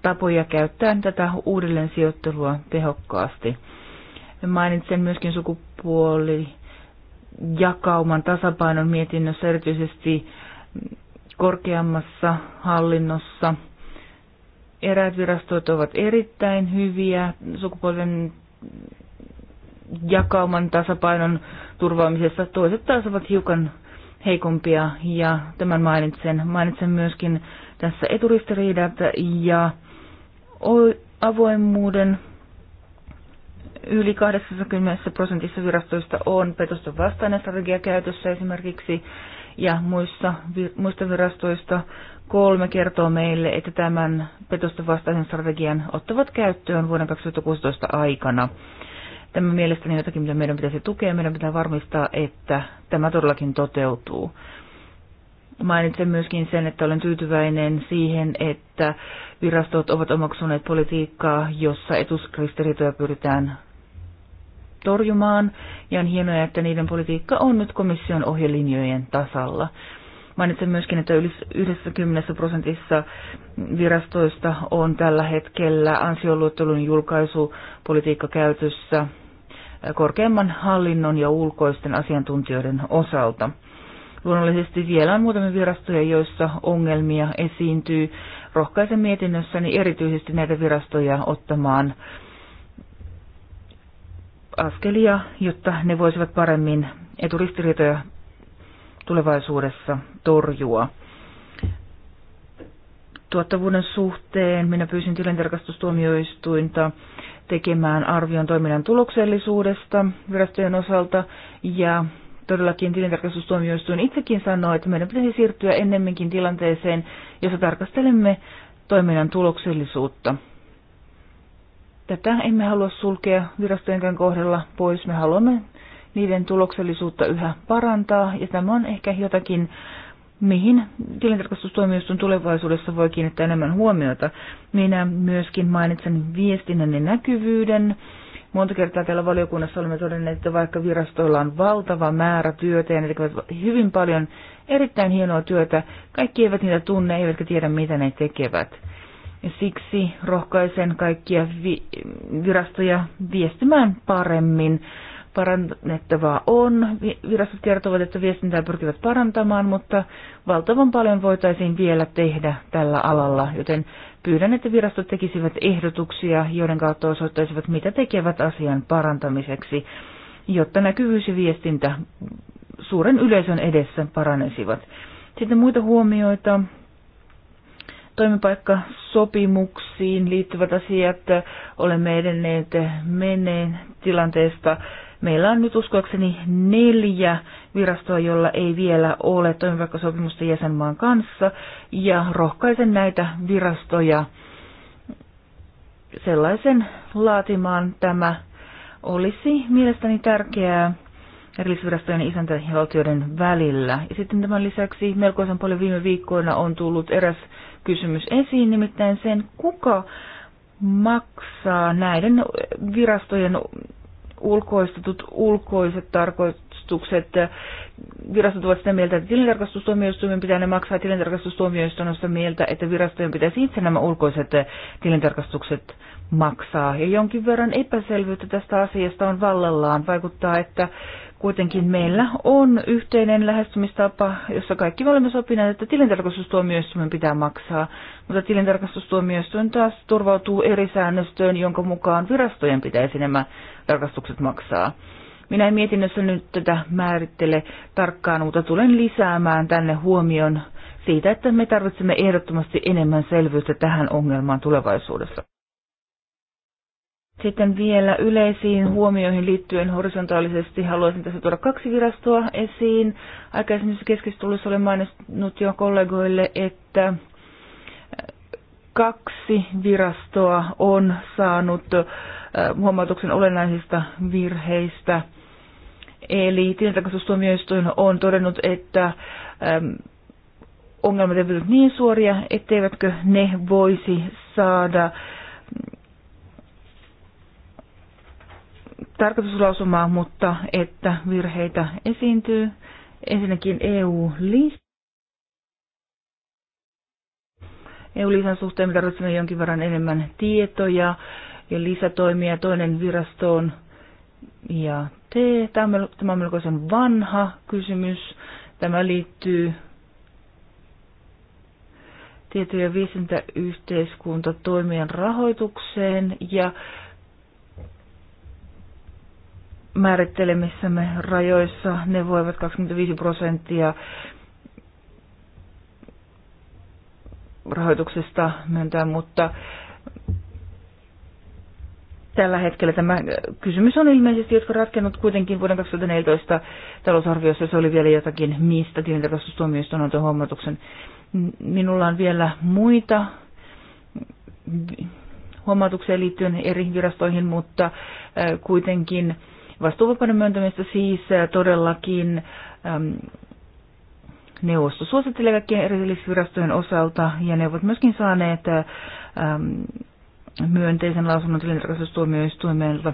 tapoja käyttää tätä uudelleen sijoittelua tehokkaasti. Mainitsen myöskin sukupuoli jakauman tasapainon mietinnössä erityisesti korkeammassa hallinnossa. Eräät virastot ovat erittäin hyviä sukupolven jakauman tasapainon turvaamisessa. Toiset taas ovat hiukan heikompia ja tämän mainitsen. Mainitsen myöskin tässä eturistiriidat ja avoimuuden yli 80 prosentissa virastoista on petosten vastainen strategia käytössä esimerkiksi, ja muissa, muista virastoista kolme kertoo meille, että tämän petosten vastaisen strategian ottavat käyttöön vuoden 2016 aikana. Tämä mielestäni on jotakin, mitä meidän pitäisi tukea. Meidän pitää varmistaa, että tämä todellakin toteutuu. Mainitsen myöskin sen, että olen tyytyväinen siihen, että virastot ovat omaksuneet politiikkaa, jossa etusristiriitoja pyritään torjumaan, ja on hienoa, että niiden politiikka on nyt komission ohjelinjojen tasalla. Mainitsen myöskin, että yli 90 prosentissa virastoista on tällä hetkellä julkaisu julkaisupolitiikka käytössä korkeimman hallinnon ja ulkoisten asiantuntijoiden osalta. Luonnollisesti vielä on muutamia virastoja, joissa ongelmia esiintyy. Rohkaisen mietinnössäni erityisesti näitä virastoja ottamaan askelia, jotta ne voisivat paremmin eturistiriitoja tulevaisuudessa torjua. Tuottavuuden suhteen minä pyysin tilintarkastustuomioistuinta tekemään arvion toiminnan tuloksellisuudesta virastojen osalta ja todellakin tilintarkastustuomioistuin itsekin sanoi, että meidän pitäisi siirtyä ennemminkin tilanteeseen, jossa tarkastelemme toiminnan tuloksellisuutta Tätä emme halua sulkea virastojenkään kohdalla pois. Me haluamme niiden tuloksellisuutta yhä parantaa, ja tämä on ehkä jotakin, mihin tilintarkastustoimistoon tulevaisuudessa voi kiinnittää enemmän huomiota. Minä myöskin mainitsen viestinnän ja näkyvyyden. Monta kertaa täällä valiokunnassa olemme todenneet, että vaikka virastoilla on valtava määrä työtä ja ne tekevät hyvin paljon erittäin hienoa työtä, kaikki eivät niitä tunne, eivätkä tiedä mitä ne tekevät. Ja siksi rohkaisen kaikkia vi- virastoja viestimään paremmin. Parannettavaa on. Virastot kertovat, että viestintää pyrkivät parantamaan, mutta valtavan paljon voitaisiin vielä tehdä tällä alalla, joten pyydän, että virastot tekisivät ehdotuksia, joiden kautta osoittaisivat, mitä tekevät asian parantamiseksi, jotta näkyvyys ja viestintä suuren yleisön edessä paranesivat. Sitten muita huomioita toimipaikkasopimuksiin liittyvät asiat. Olemme edenneet menneen tilanteesta. Meillä on nyt uskoakseni neljä virastoa, jolla ei vielä ole toimipaikkasopimusta jäsenmaan kanssa, ja rohkaisen näitä virastoja sellaisen laatimaan. Tämä olisi mielestäni tärkeää erillisvirastojen isäntävaltioiden välillä. Ja sitten tämän lisäksi melkoisen paljon viime viikkoina on tullut eräs kysymys esiin, nimittäin sen, kuka maksaa näiden virastojen ulkoistetut ulkoiset tarkoitukset. Virastot ovat sitä mieltä, että tilintarkastustuomioistuimen pitää ne maksaa. Tilintarkastustuomioistuin on sitä mieltä, että virastojen pitäisi itse nämä ulkoiset tilintarkastukset maksaa. Ja jonkin verran epäselvyyttä tästä asiasta on vallallaan. Vaikuttaa, että Kuitenkin meillä on yhteinen lähestymistapa, jossa kaikki me olemme sopineet, että tilintarkastustuomioistuimen pitää maksaa, mutta tilintarkastustuomioistuin taas turvautuu eri säännöstöön, jonka mukaan virastojen pitäisi nämä tarkastukset maksaa. Minä en mietinnössä nyt tätä määrittele tarkkaan, mutta tulen lisäämään tänne huomion siitä, että me tarvitsemme ehdottomasti enemmän selvyyttä tähän ongelmaan tulevaisuudessa. Sitten vielä yleisiin huomioihin liittyen horisontaalisesti haluaisin tässä tuoda kaksi virastoa esiin. Aikaisemmissa keskustelussa olen maininnut jo kollegoille, että äh, kaksi virastoa on saanut äh, huomautuksen olennaisista virheistä. Eli tilintarkastustuomioistuin on todennut, että ähm, ongelmat eivät niin suoria, etteivätkö ne voisi saada tarkoituslausumaa, mutta että virheitä esiintyy. Ensinnäkin EU-lista. EU-lisän suhteen me tarvitsemme jonkin verran enemmän tietoja ja lisätoimia. Toinen virastoon ja T. Tämä on melkoisen vanha kysymys. Tämä liittyy tieto- ja viestintäyhteiskuntatoimien rahoitukseen ja määrittelemissämme rajoissa. Ne voivat 25 prosenttia rahoituksesta myöntää, mutta tällä hetkellä tämä kysymys on ilmeisesti, jotka ratkennut kuitenkin vuoden 2014 talousarviossa, se oli vielä jotakin, mistä tilintarkastustuomioistuin antoi huomautuksen. Minulla on vielä muita huomautuksia liittyen eri virastoihin, mutta äh, kuitenkin vastuuvapauden myöntämistä siis äh, todellakin äm, neuvosto suosittelee kaikkien erillisvirastojen osalta ja ne ovat myöskin saaneet äh, äm, myönteisen lausunnon tilintarkastustuomioistuimelta.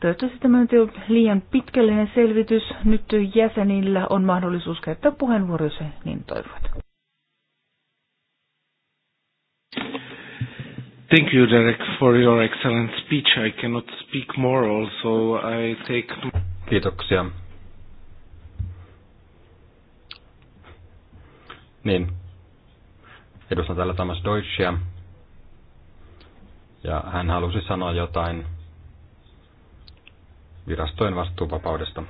Toivottavasti tämä on liian pitkällinen selvitys. Nyt jäsenillä on mahdollisuus käyttää puheenvuoro, jos he niin toivovat. Thank you, Derek, for your excellent speech. I cannot speak more, also I take... Kiitoksia. Niin. Edustan täällä Thomas Deutschia. Ja hän halusi sanoa jotain virastojen vastuuvapaudesta.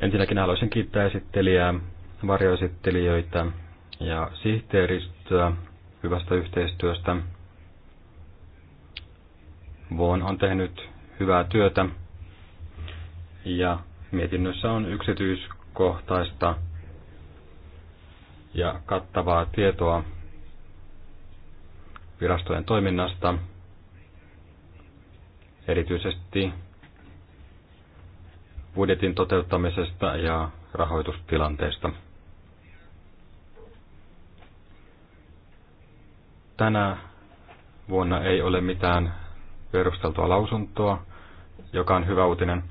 Ensinnäkin haluaisin kiittää esittelijää, varjoesittelijöitä ja sihteeristöä hyvästä yhteistyöstä. Vuon on tehnyt hyvää työtä ja mietinnössä on yksityiskohtaista ja kattavaa tietoa virastojen toiminnasta, erityisesti budjetin toteuttamisesta ja rahoitustilanteesta. tänä vuonna ei ole mitään perusteltua lausuntoa, joka on hyvä uutinen.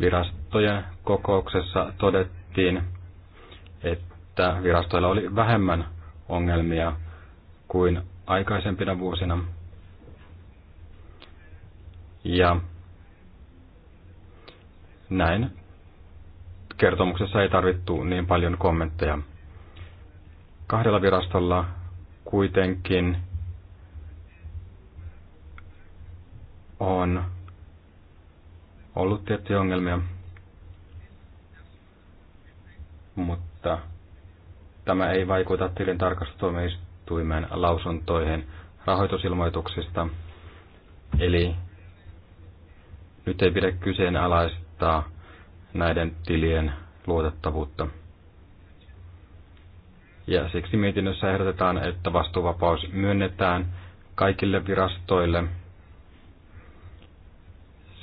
Virastojen kokouksessa todettiin, että virastoilla oli vähemmän ongelmia kuin aikaisempina vuosina. Ja näin kertomuksessa ei tarvittu niin paljon kommentteja. Kahdella virastolla kuitenkin on ollut tiettyjä ongelmia, mutta tämä ei vaikuta tilin tarkastustuomioistuimen lausuntoihin rahoitusilmoituksista, eli nyt ei pidä kyseenalaistaa näiden tilien luotettavuutta. Ja siksi mietinnössä ehdotetaan, että vastuuvapaus myönnetään kaikille virastoille.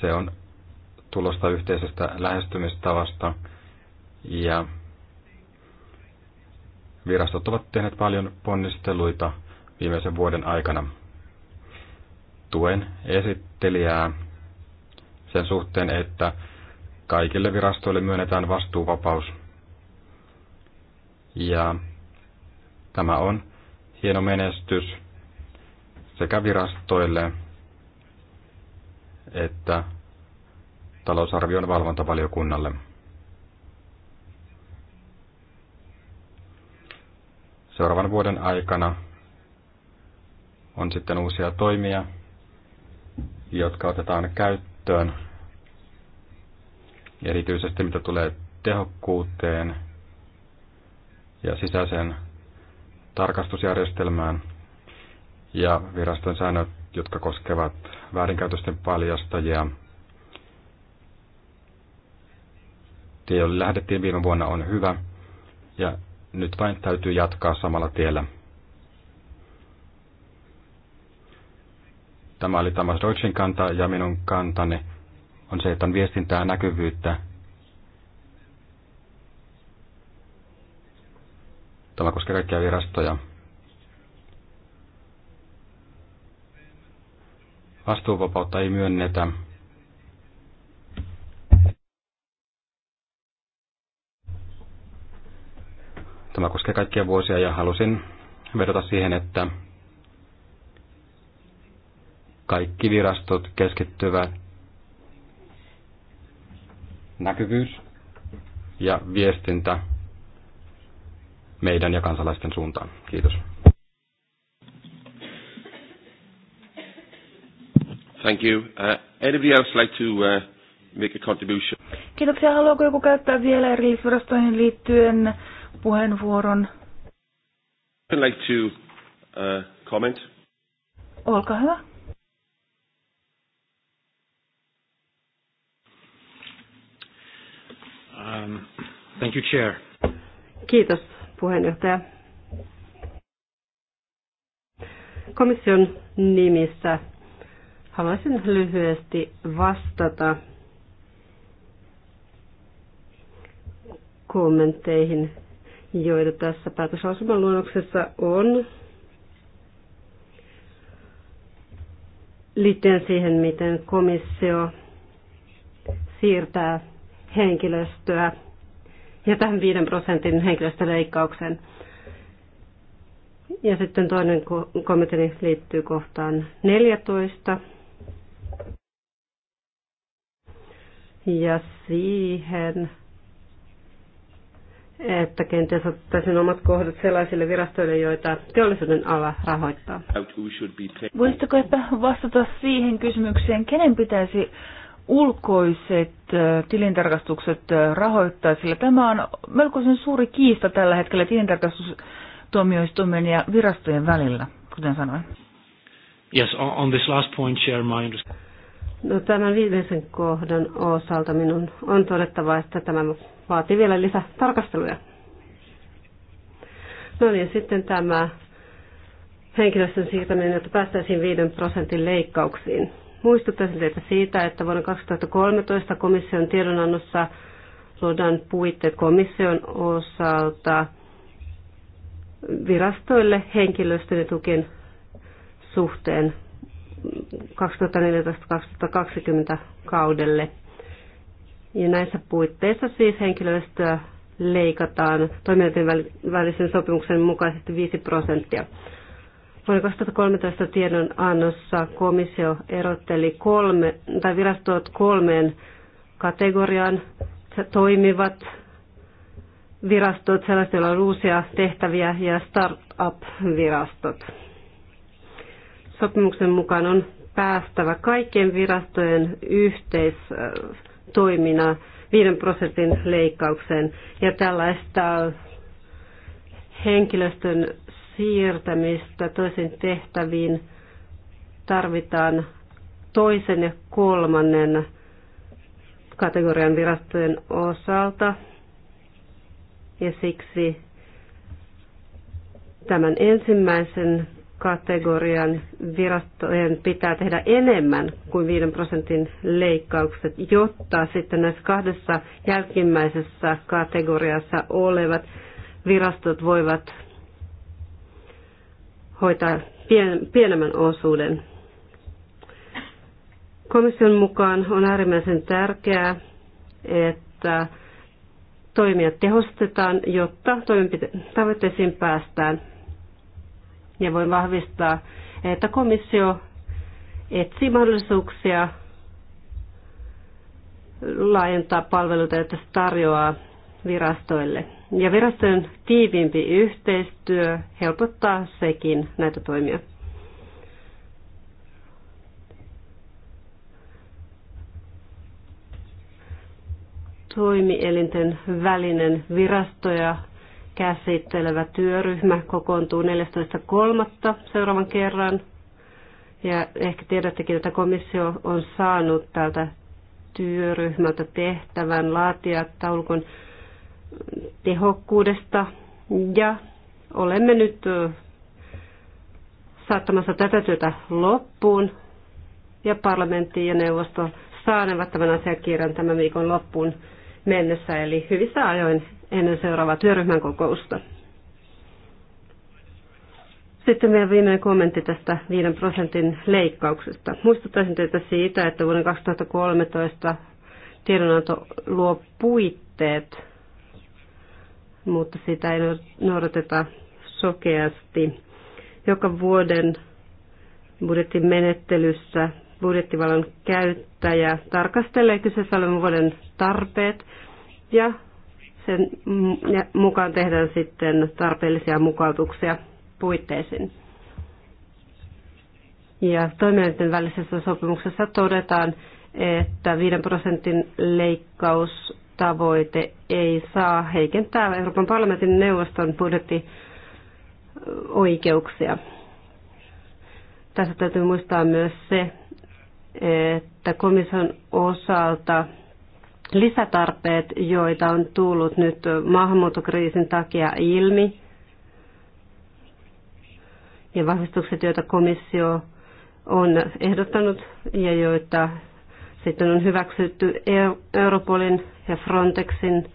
Se on tulosta yhteisestä lähestymistavasta ja virastot ovat tehneet paljon ponnisteluita viimeisen vuoden aikana. Tuen esittelijää sen suhteen, että kaikille virastoille myönnetään vastuuvapaus. Ja tämä on hieno menestys sekä virastoille että talousarvion valvontavaliokunnalle. Seuraavan vuoden aikana on sitten uusia toimia, jotka otetaan käyttöön erityisesti mitä tulee tehokkuuteen ja sisäiseen tarkastusjärjestelmään ja viraston säännöt, jotka koskevat väärinkäytösten paljastajia. Tie, jolle lähdettiin viime vuonna, on hyvä ja nyt vain täytyy jatkaa samalla tiellä. Tämä oli Thomas Deutschin kanta ja minun kantani on se, että on viestintää, näkyvyyttä. Tämä koskee kaikkia virastoja. Vastuuvapautta ei myönnetä. Tämä koskee kaikkia vuosia ja halusin vedota siihen, että kaikki virastot keskittyvät näkyvyys ja viestintä meidän ja kansalaisten suuntaan. Kiitos. Thank you. Uh, anybody else like to uh, make a contribution? Kiitoksia. Haluaako joku käyttää vielä erillisvirastoihin liittyen puheenvuoron? I'd like to uh, comment. Olkaa hyvä. Um, thank you, Chair. Kiitos, puheenjohtaja. Komission nimissä haluaisin lyhyesti vastata kommentteihin, joita tässä päätösasuman luonnoksessa on. Liittyen siihen, miten komissio siirtää henkilöstöä ja tähän 5 prosentin henkilöstöleikkauksen. Ja sitten toinen kommentti liittyy kohtaan 14. Ja siihen, että kenties ottaisin omat kohdat sellaisille virastoille, joita teollisuuden ala rahoittaa. Voisitteko vastata siihen kysymykseen, kenen pitäisi ulkoiset tilintarkastukset rahoittaa, sillä tämä on melkoisen suuri kiista tällä hetkellä tilintarkastustuomioistuimen ja virastojen välillä, kuten sanoin. Yes, on this last point, share my No, tämän viimeisen kohdan osalta minun on todettava, että tämä vaatii vielä lisää tarkasteluja. No niin, sitten tämä henkilöstön siirtäminen, että päästäisiin 5 prosentin leikkauksiin. Muistuttaisin teitä siitä, että vuonna 2013 komission tiedonannossa luodaan puitteet komission osalta virastoille henkilöstön ja tukien suhteen 2014-2020 kaudelle. Ja näissä puitteissa siis henkilöstöä leikataan toimijoiden välisen sopimuksen mukaisesti 5 prosenttia. Vuonna 2013 tiedon annossa komissio erotteli kolme, tai virastot kolmeen kategoriaan toimivat virastot, sellaiset, joilla on uusia tehtäviä, ja start-up-virastot. Sopimuksen mukaan on päästävä kaikkien virastojen yhteistoimina 5 prosentin leikkaukseen, ja tällaista henkilöstön siirtämistä toisen tehtäviin tarvitaan toisen ja kolmannen kategorian virastojen osalta. Ja siksi tämän ensimmäisen kategorian virastojen pitää tehdä enemmän kuin 5 prosentin leikkaukset, jotta sitten näissä kahdessa jälkimmäisessä kategoriassa olevat virastot voivat hoitaa pienemmän osuuden. Komission mukaan on äärimmäisen tärkeää, että toimia tehostetaan, jotta tavoitteisiin päästään. Ja voin vahvistaa, että komissio etsii mahdollisuuksia laajentaa palveluita, joita se tarjoaa virastoille. Ja virastojen tiiviimpi yhteistyö helpottaa sekin näitä toimia. Toimielinten välinen virastoja käsittelevä työryhmä kokoontuu 14.3. seuraavan kerran. Ja ehkä tiedättekin, että komissio on saanut tältä työryhmältä tehtävän laatia taulukon tehokkuudesta ja olemme nyt saattamassa tätä työtä loppuun ja parlamentti ja neuvosto saanevat tämän asiakirjan tämän viikon loppuun mennessä, eli hyvissä ajoin ennen seuraavaa työryhmän kokousta. Sitten vielä viimeinen kommentti tästä 5 prosentin leikkauksesta. Muistuttaisin teitä siitä, että vuoden 2013 tiedonanto luo puitteet mutta sitä ei noudateta sokeasti. Joka vuoden budjetin menettelyssä budjettivalon käyttäjä tarkastelee kyseessä olevan vuoden tarpeet ja sen mukaan tehdään sitten tarpeellisia mukautuksia puitteisiin. Ja toimijoiden välisessä sopimuksessa todetaan, että 5 prosentin leikkaus tavoite ei saa heikentää Euroopan parlamentin neuvoston budjettioikeuksia. Tässä täytyy muistaa myös se, että komission osalta lisätarpeet, joita on tullut nyt maahanmuuttokriisin takia ilmi, ja vahvistukset, joita komissio on ehdottanut ja joita sitten on hyväksytty e- Europolin ja Frontexin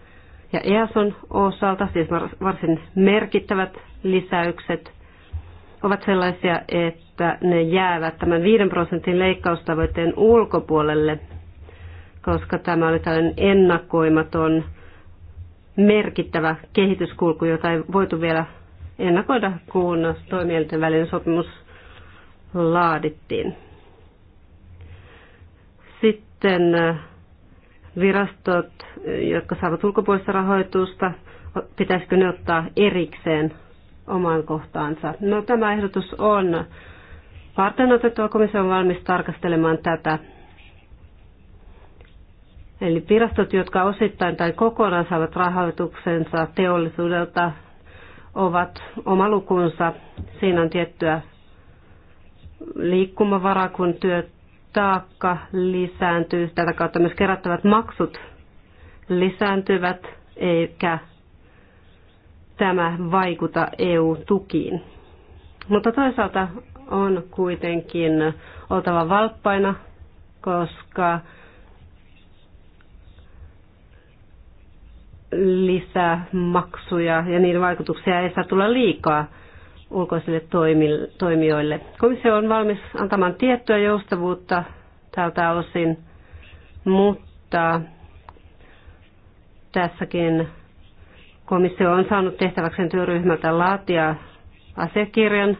ja EASON osalta, siis varsin merkittävät lisäykset ovat sellaisia, että ne jäävät tämän 5 prosentin leikkaustavoitteen ulkopuolelle, koska tämä oli tällainen ennakoimaton merkittävä kehityskulku, jota ei voitu vielä ennakoida, kun toimielinten välinen sopimus laadittiin. Sitten virastot, jotka saavat ulkopuolista rahoitusta, pitäisikö ne ottaa erikseen omaan kohtaansa? No tämä ehdotus on varten otettua, komissio on valmis tarkastelemaan tätä. Eli virastot, jotka osittain tai kokonaan saavat rahoituksensa teollisuudelta, ovat oma lukunsa. Siinä on tiettyä liikkumavaraa, kun työt taakka lisääntyy, tätä kautta myös kerättävät maksut lisääntyvät, eikä tämä vaikuta EU-tukiin. Mutta toisaalta on kuitenkin oltava valppaina, koska lisää maksuja ja niiden vaikutuksia ei saa tulla liikaa ulkoisille toimijoille. Komissio on valmis antamaan tiettyä joustavuutta tältä osin, mutta tässäkin komissio on saanut tehtäväkseen työryhmältä laatia asiakirjan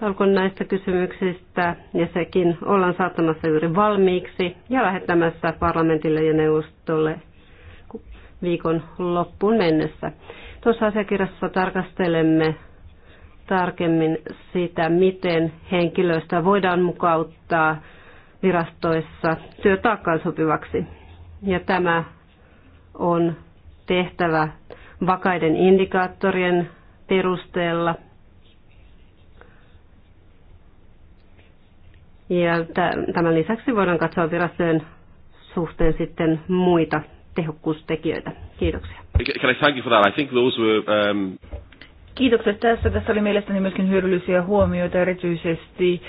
talkon näistä kysymyksistä, ja sekin ollaan saattamassa juuri valmiiksi ja lähettämässä parlamentille ja neuvostolle viikon loppuun mennessä. Tuossa asiakirjassa tarkastelemme tarkemmin sitä, miten henkilöistä voidaan mukauttaa virastoissa työtaakkaan sopivaksi. Ja tämä on tehtävä vakaiden indikaattorien perusteella. Ja tämän lisäksi voidaan katsoa virastojen suhteen sitten muita tehokkuustekijöitä. Kiitoksia. Can I thank you for that? I think those were, um... Kiitokset tässä. Tässä oli mielestäni myöskin hyödyllisiä huomioita, erityisesti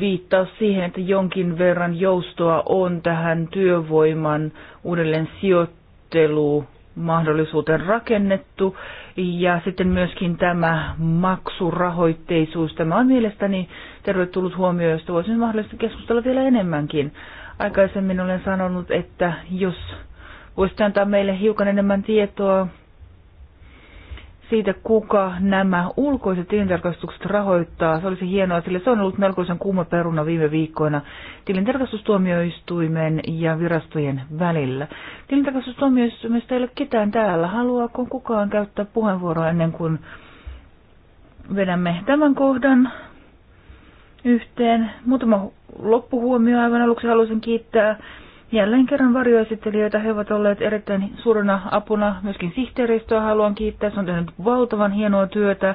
viittaus siihen, että jonkin verran joustoa on tähän työvoiman uudelleen sijoitteluun mahdollisuuteen rakennettu. Ja sitten myöskin tämä maksurahoitteisuus, tämä on mielestäni tervetullut huomio, josta voisin mahdollisesti keskustella vielä enemmänkin. Aikaisemmin olen sanonut, että jos voisitte antaa meille hiukan enemmän tietoa siitä, kuka nämä ulkoiset tilintarkastukset rahoittaa. Se olisi hienoa, sillä se on ollut melkoisen kuuma peruna viime viikkoina tilintarkastustuomioistuimen ja virastojen välillä. Tilintarkastustuomioistuimesta ei ole ketään täällä. Haluaako kukaan käyttää puheenvuoroa ennen kuin vedämme tämän kohdan yhteen? Muutama loppuhuomio aivan aluksi haluaisin kiittää jälleen kerran varjoesittelijöitä. He ovat olleet erittäin suurena apuna. Myöskin sihteeristöä haluan kiittää. Se on tehnyt valtavan hienoa työtä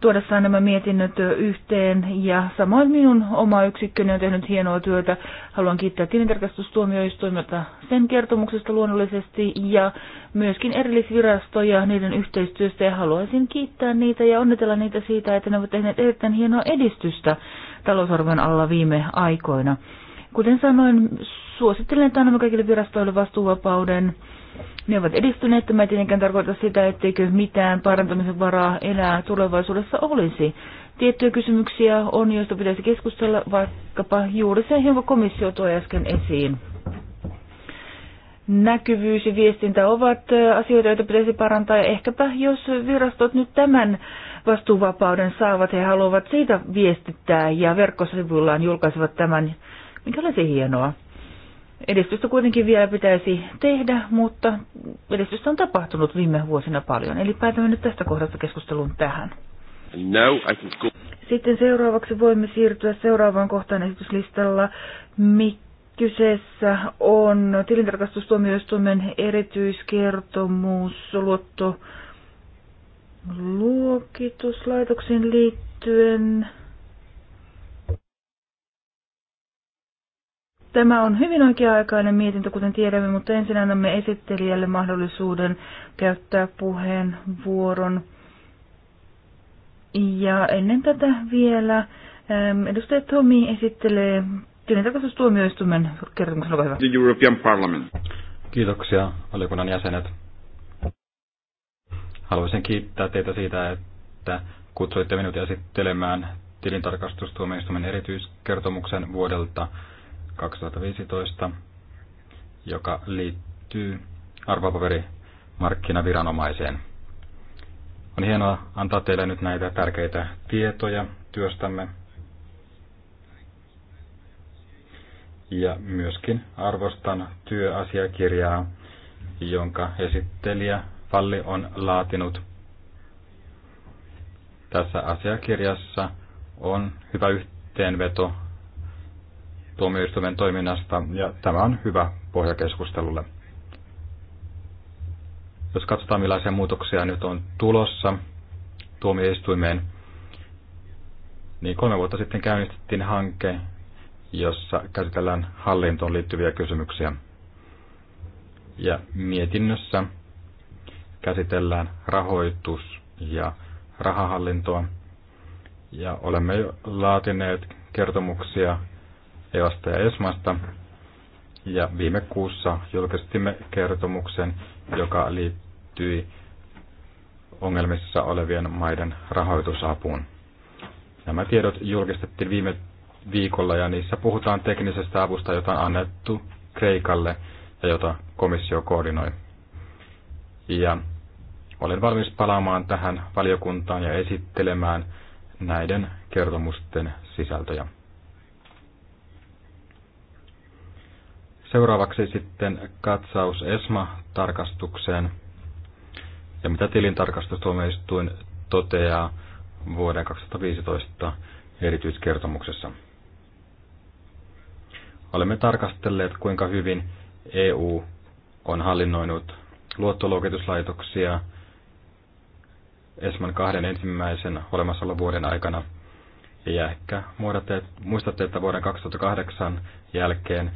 tuodessaan nämä mietinnöt yhteen ja samoin minun oma yksikköni on tehnyt hienoa työtä. Haluan kiittää tilintarkastustuomioistuimelta sen kertomuksesta luonnollisesti ja myöskin erillisvirastoja niiden yhteistyöstä ja haluaisin kiittää niitä ja onnitella niitä siitä, että ne ovat tehneet erittäin hienoa edistystä talousarvion alla viime aikoina. Kuten sanoin, suosittelen, että annamme kaikille virastoille vastuuvapauden. Ne ovat edistyneet. Tämä ei tietenkään tarkoita sitä, etteikö mitään parantamisen varaa enää tulevaisuudessa olisi. Tiettyjä kysymyksiä on, joista pitäisi keskustella, vaikkapa juuri se, jonka komissio toi äsken esiin. Näkyvyys ja viestintä ovat äh, asioita, joita pitäisi parantaa, ja ehkäpä jos virastot nyt tämän vastuuvapauden saavat, he haluavat siitä viestittää ja verkkosivuillaan julkaisevat tämän mikä olisi hienoa. Edistystä kuitenkin vielä pitäisi tehdä, mutta edistystä on tapahtunut viime vuosina paljon, eli päätämme nyt tästä kohdasta keskustelun tähän. Sitten seuraavaksi voimme siirtyä seuraavaan kohtaan esityslistalla, mikä Kyseessä on tilintarkastustuomioistuimen erityiskertomus luottoluokituslaitoksen liittyen. Tämä on hyvin oikea-aikainen mietintö, kuten tiedämme, mutta ensin annamme esittelijälle mahdollisuuden käyttää puheenvuoron. Ja ennen tätä vielä ähm, edustaja Tomi esittelee tilintarkastustuomioistuimen kertomuksen. Olkaa hyvä. The European Parliament. Kiitoksia valiokunnan jäsenet. Haluaisin kiittää teitä siitä, että kutsuitte minut esittelemään tilintarkastustuomioistuimen erityiskertomuksen vuodelta 2015, joka liittyy arvopaperimarkkinaviranomaiseen. On hienoa antaa teille nyt näitä tärkeitä tietoja työstämme ja myöskin arvostan työasiakirjaa, jonka esittelijä Valli on laatinut. Tässä asiakirjassa on hyvä yhteenveto tuomioistuimen toiminnasta ja tämä on hyvä pohja keskustelulle. Jos katsotaan millaisia muutoksia nyt on tulossa tuomioistuimeen, niin kolme vuotta sitten käynnistettiin hanke, jossa käsitellään hallintoon liittyviä kysymyksiä. Ja mietinnössä käsitellään rahoitus- ja rahahallintoa. Ja olemme jo laatineet kertomuksia Eosta ja ESMAsta. Ja viime kuussa julkistimme kertomuksen, joka liittyi ongelmissa olevien maiden rahoitusapuun. Nämä tiedot julkistettiin viime viikolla ja niissä puhutaan teknisestä avusta, jota on annettu Kreikalle ja jota komissio koordinoi. Ja olen valmis palaamaan tähän valiokuntaan ja esittelemään näiden kertomusten sisältöjä. Seuraavaksi sitten katsaus ESMA-tarkastukseen ja mitä tilintarkastustuomioistuin toteaa vuoden 2015 erityiskertomuksessa. Olemme tarkastelleet, kuinka hyvin EU on hallinnoinut luottoluokituslaitoksia ESMAn kahden ensimmäisen vuoden aikana. Ja ehkä muistatte, että vuoden 2008 jälkeen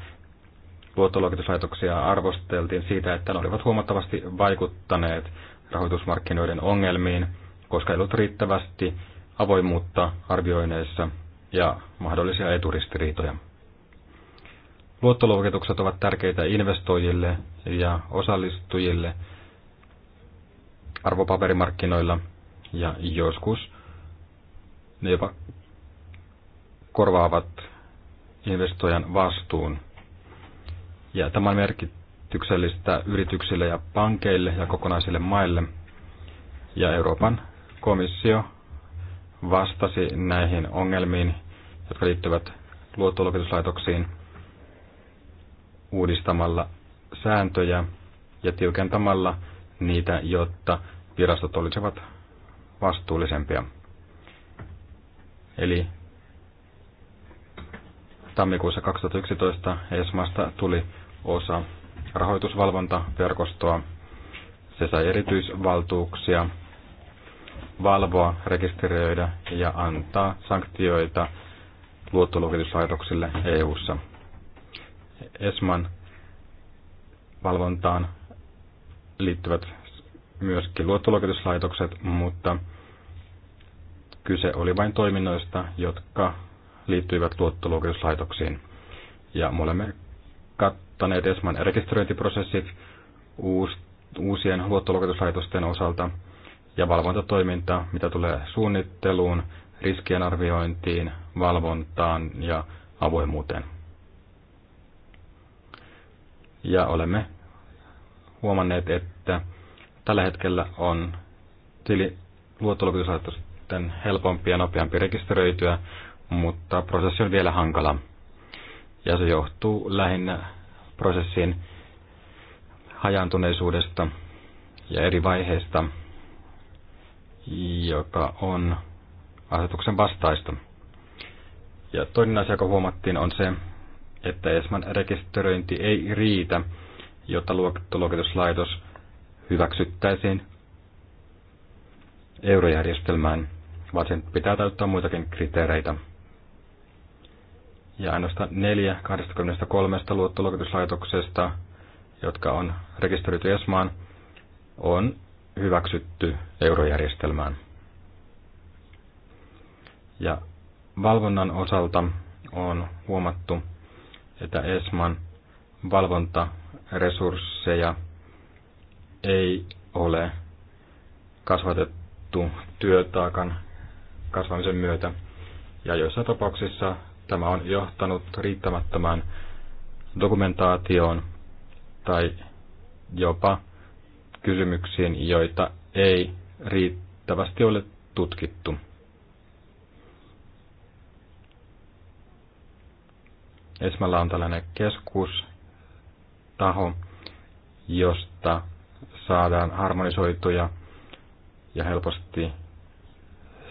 luottoluokituslaitoksia arvosteltiin siitä, että ne olivat huomattavasti vaikuttaneet rahoitusmarkkinoiden ongelmiin, koska ei ollut riittävästi avoimuutta arvioineissa ja mahdollisia eturistiriitoja. Luottoluokitukset ovat tärkeitä investoijille ja osallistujille arvopaperimarkkinoilla ja joskus ne jopa korvaavat investoijan vastuun ja tämä on merkityksellistä yrityksille ja pankeille ja kokonaisille maille. Ja Euroopan komissio vastasi näihin ongelmiin, jotka liittyvät luottoluokituslaitoksiin uudistamalla sääntöjä ja tiukentamalla niitä, jotta virastot olisivat vastuullisempia. Eli tammikuussa 2011 ESMasta tuli osa rahoitusvalvontaverkostoa. Se sai erityisvaltuuksia valvoa, rekisteröidä ja antaa sanktioita luottoluokituslaitoksille EU-ssa. ESMAN valvontaan liittyvät myöskin luottoluokituslaitokset, mutta kyse oli vain toiminnoista, jotka liittyivät luottoluokituslaitoksiin. Ja me olemme kat- aloittaneet ESMAn rekisteröintiprosessit uusien luottoluokituslaitosten osalta ja valvontatoiminta, mitä tulee suunnitteluun, riskien arviointiin, valvontaan ja avoimuuteen. Ja olemme huomanneet, että tällä hetkellä on tili luottoluokituslaitosten helpompi ja nopeampi rekisteröityä, mutta prosessi on vielä hankala. Ja se johtuu lähinnä prosessin hajantuneisuudesta ja eri vaiheista, joka on asetuksen vastaista. Ja toinen asia, joka huomattiin, on se, että ESMAn rekisteröinti ei riitä, jotta luottoluokituslaitos hyväksyttäisiin eurojärjestelmään, vaan sen pitää täyttää muitakin kriteereitä ja ainoastaan neljä 23 luottoluokituslaitoksesta, jotka on rekisteröity ESMAan, on hyväksytty eurojärjestelmään. Ja valvonnan osalta on huomattu, että ESMAn valvontaresursseja ei ole kasvatettu työtaakan kasvamisen myötä, ja joissa tapauksissa Tämä on johtanut riittämättömään dokumentaatioon tai jopa kysymyksiin, joita ei riittävästi ole tutkittu. Esmällä on tällainen keskustaho, josta saadaan harmonisoituja ja helposti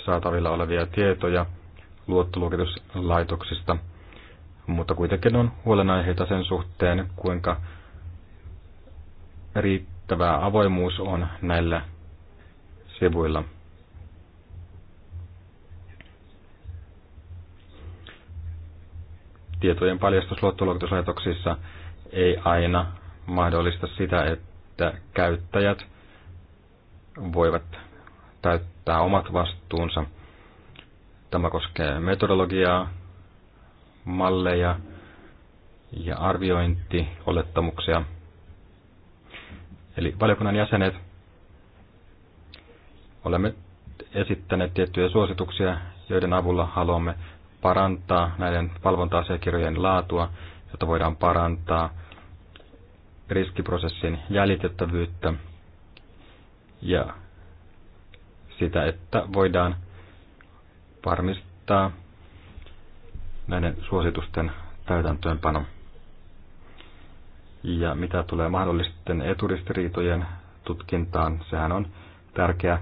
saatavilla olevia tietoja – luottoluokituslaitoksista, mutta kuitenkin on huolenaiheita sen suhteen, kuinka riittävää avoimuus on näillä sivuilla. Tietojen paljastus luottoluokituslaitoksissa ei aina mahdollista sitä, että käyttäjät voivat täyttää omat vastuunsa – Tämä koskee metodologiaa, malleja ja arviointiolettamuksia. Eli valiokunnan jäsenet, olemme esittäneet tiettyjä suosituksia, joiden avulla haluamme parantaa näiden valvonta-asiakirjojen laatua, jotta voidaan parantaa riskiprosessin jäljitettävyyttä ja sitä, että voidaan varmistaa näiden suositusten täytäntöönpano. Ja mitä tulee mahdollisten eturistiriitojen tutkintaan, sehän on tärkeä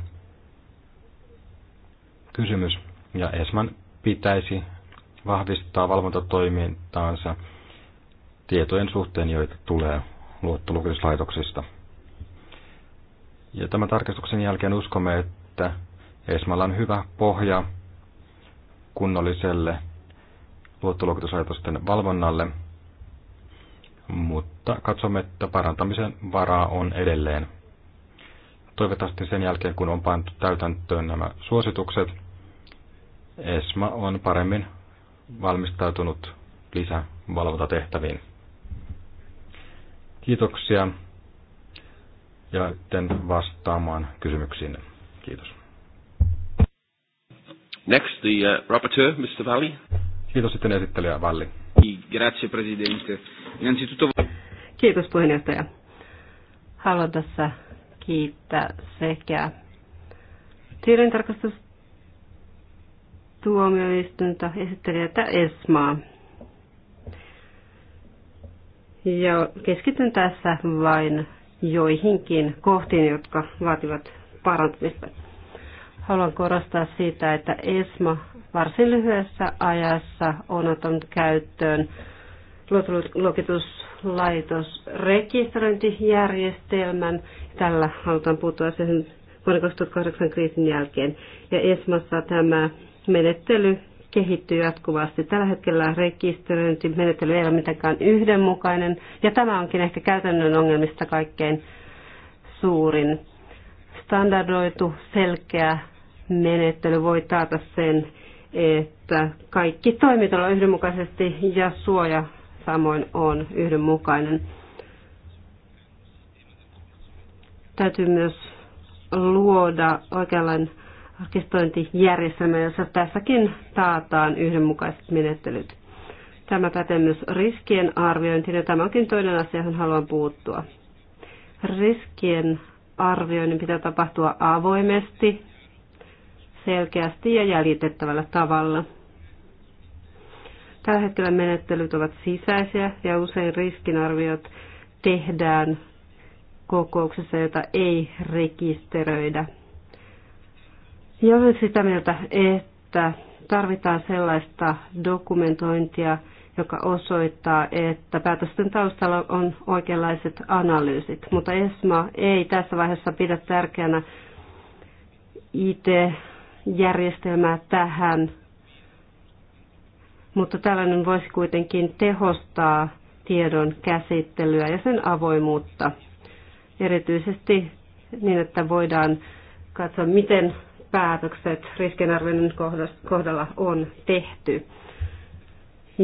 kysymys. Ja ESMAN pitäisi vahvistaa valvontatoimintaansa tietojen suhteen, joita tulee luottoluokituslaitoksista. Ja tämän tarkastuksen jälkeen uskomme, että Esmalla on hyvä pohja kunnolliselle luottoluokitusajatusten valvonnalle, mutta katsomme, että parantamisen varaa on edelleen. Toivottavasti sen jälkeen, kun on pantu täytäntöön nämä suositukset, ESMA on paremmin valmistautunut lisävalvontatehtäviin. Kiitoksia ja sitten vastaamaan kysymyksiin. Kiitos. Next, the uh, rapporteur, Mr. Valli. Kiitos sitten esittelijä Valli. Grazie, presidente. Innanzitutto... Kiitos puheenjohtaja. Haluan tässä kiittää sekä tilintarkastustuomioistuinta esittelijä että Esmaa. Ja keskityn tässä vain joihinkin kohtiin, jotka vaativat parantamista. Haluan korostaa sitä, että ESMA varsin lyhyessä ajassa on ottanut käyttöön luottoluokituslaitosrekisteröintijärjestelmän. Tällä halutaan puuttua sen vuoden 2008 kriisin jälkeen. Ja ESMassa tämä menettely kehittyy jatkuvasti. Tällä hetkellä rekisteröintimenettely ei ole mitenkään yhdenmukainen, ja tämä onkin ehkä käytännön ongelmista kaikkein suurin standardoitu selkeä menettely voi taata sen, että kaikki toimit ovat yhdenmukaisesti ja suoja samoin on yhdenmukainen. Täytyy myös luoda oikeanlainen arkistointijärjestelmä, jossa tässäkin taataan yhdenmukaiset menettelyt. Tämä pätee myös riskien arviointiin ja tämä onkin toinen asia, johon haluan puuttua. Riskien arvioinnin pitää tapahtua avoimesti, selkeästi ja jäljitettävällä tavalla. Tällä hetkellä menettelyt ovat sisäisiä ja usein riskinarviot tehdään kokouksessa, jota ei rekisteröidä. Ja olen sitä mieltä, että tarvitaan sellaista dokumentointia, joka osoittaa, että päätösten taustalla on oikeanlaiset analyysit. Mutta ESMA ei tässä vaiheessa pidä tärkeänä IT-järjestelmää tähän, mutta tällainen voisi kuitenkin tehostaa tiedon käsittelyä ja sen avoimuutta, erityisesti niin, että voidaan katsoa, miten päätökset riskinarvioinnin kohdalla on tehty.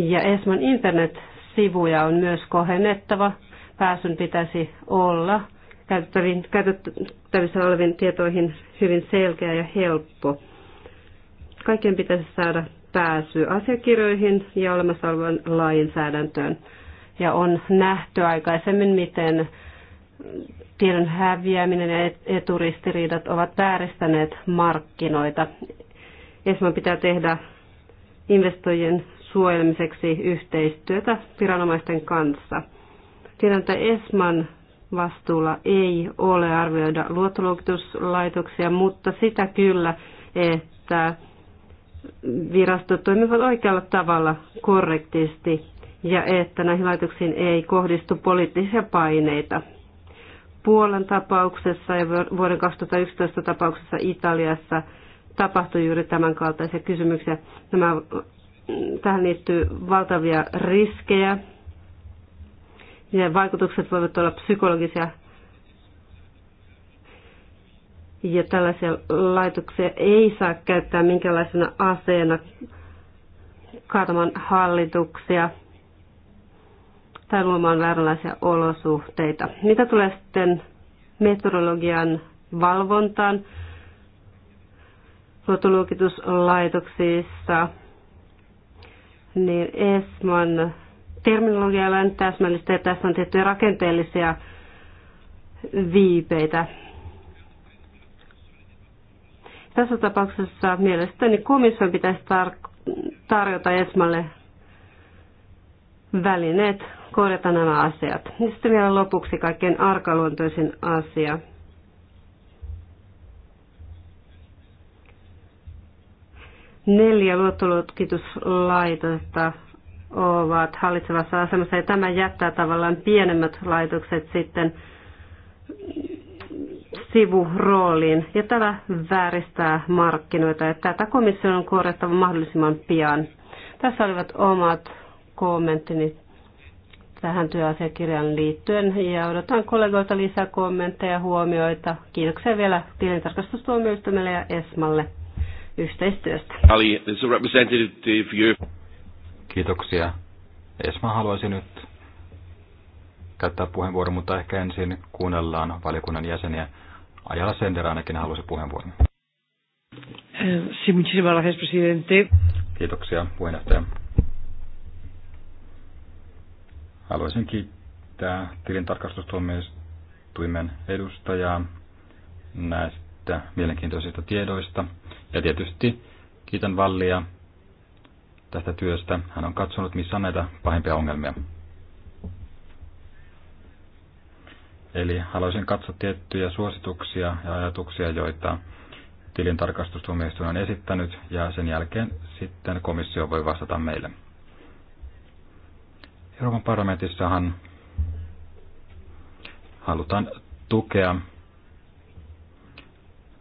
Ja ESMAn internet-sivuja on myös kohennettava. Pääsyn pitäisi olla käytettävissä oleviin tietoihin hyvin selkeä ja helppo. Kaikkien pitäisi saada pääsy asiakirjoihin ja olemassa olevan lainsäädäntöön. Ja on nähty aikaisemmin, miten tiedon häviäminen ja eturistiriidat ovat vääristäneet markkinoita. Esimerkiksi pitää tehdä investoijien suojelmiseksi yhteistyötä viranomaisten kanssa. Tiedän, että ESMAN vastuulla ei ole arvioida luottoluokituslaitoksia, mutta sitä kyllä, että virastot toimivat oikealla tavalla korrektisti ja että näihin laitoksiin ei kohdistu poliittisia paineita. Puolan tapauksessa ja vuoden 2011 tapauksessa Italiassa tapahtui juuri tämänkaltaisia kysymyksiä. Nämä tähän liittyy valtavia riskejä ja vaikutukset voivat olla psykologisia. Ja tällaisia laitoksia ei saa käyttää minkälaisena aseena kaatamaan hallituksia tai luomaan vääränlaisia olosuhteita. Mitä tulee sitten meteorologian valvontaan luottoluokituslaitoksissa? niin ESMAn terminologia ei ole täsmällistä ja tässä on tiettyjä rakenteellisia viipeitä. Tässä tapauksessa mielestäni komission pitäisi tar- tarjota ESMAlle välineet korjata nämä asiat. Sitten vielä lopuksi kaikkein arkaluontoisin asia. Neljä luottoluokituslaitosta ovat hallitsevassa asemassa ja tämä jättää tavallaan pienemmät laitokset sitten sivurooliin ja tämä vääristää markkinoita ja tätä komission on korjattava mahdollisimman pian. Tässä olivat omat kommenttini tähän työasiakirjaan liittyen ja odotan kollegoilta lisää kommentteja ja huomioita. Kiitoksia vielä tilintarkastustuomioistuimelle ja Esmalle yhteistyöstä. Ali, this is representative you. Kiitoksia. Esma haluaisin nyt käyttää puheenvuoron, mutta ehkä ensin kuunnellaan valiokunnan jäseniä. Ajala Sender ainakin halusi puheenvuoron. Eh, Kiitoksia, puheenjohtaja. Haluaisin kiittää tilintarkastustuomioistuimen edustajaa näistä näistä mielenkiintoisista tiedoista. Ja tietysti kiitän Vallia tästä työstä. Hän on katsonut, missä on näitä pahimpia ongelmia. Eli haluaisin katsoa tiettyjä suosituksia ja ajatuksia, joita tilintarkastustuomioistuin on esittänyt, ja sen jälkeen sitten komissio voi vastata meille. Euroopan parlamentissahan halutaan tukea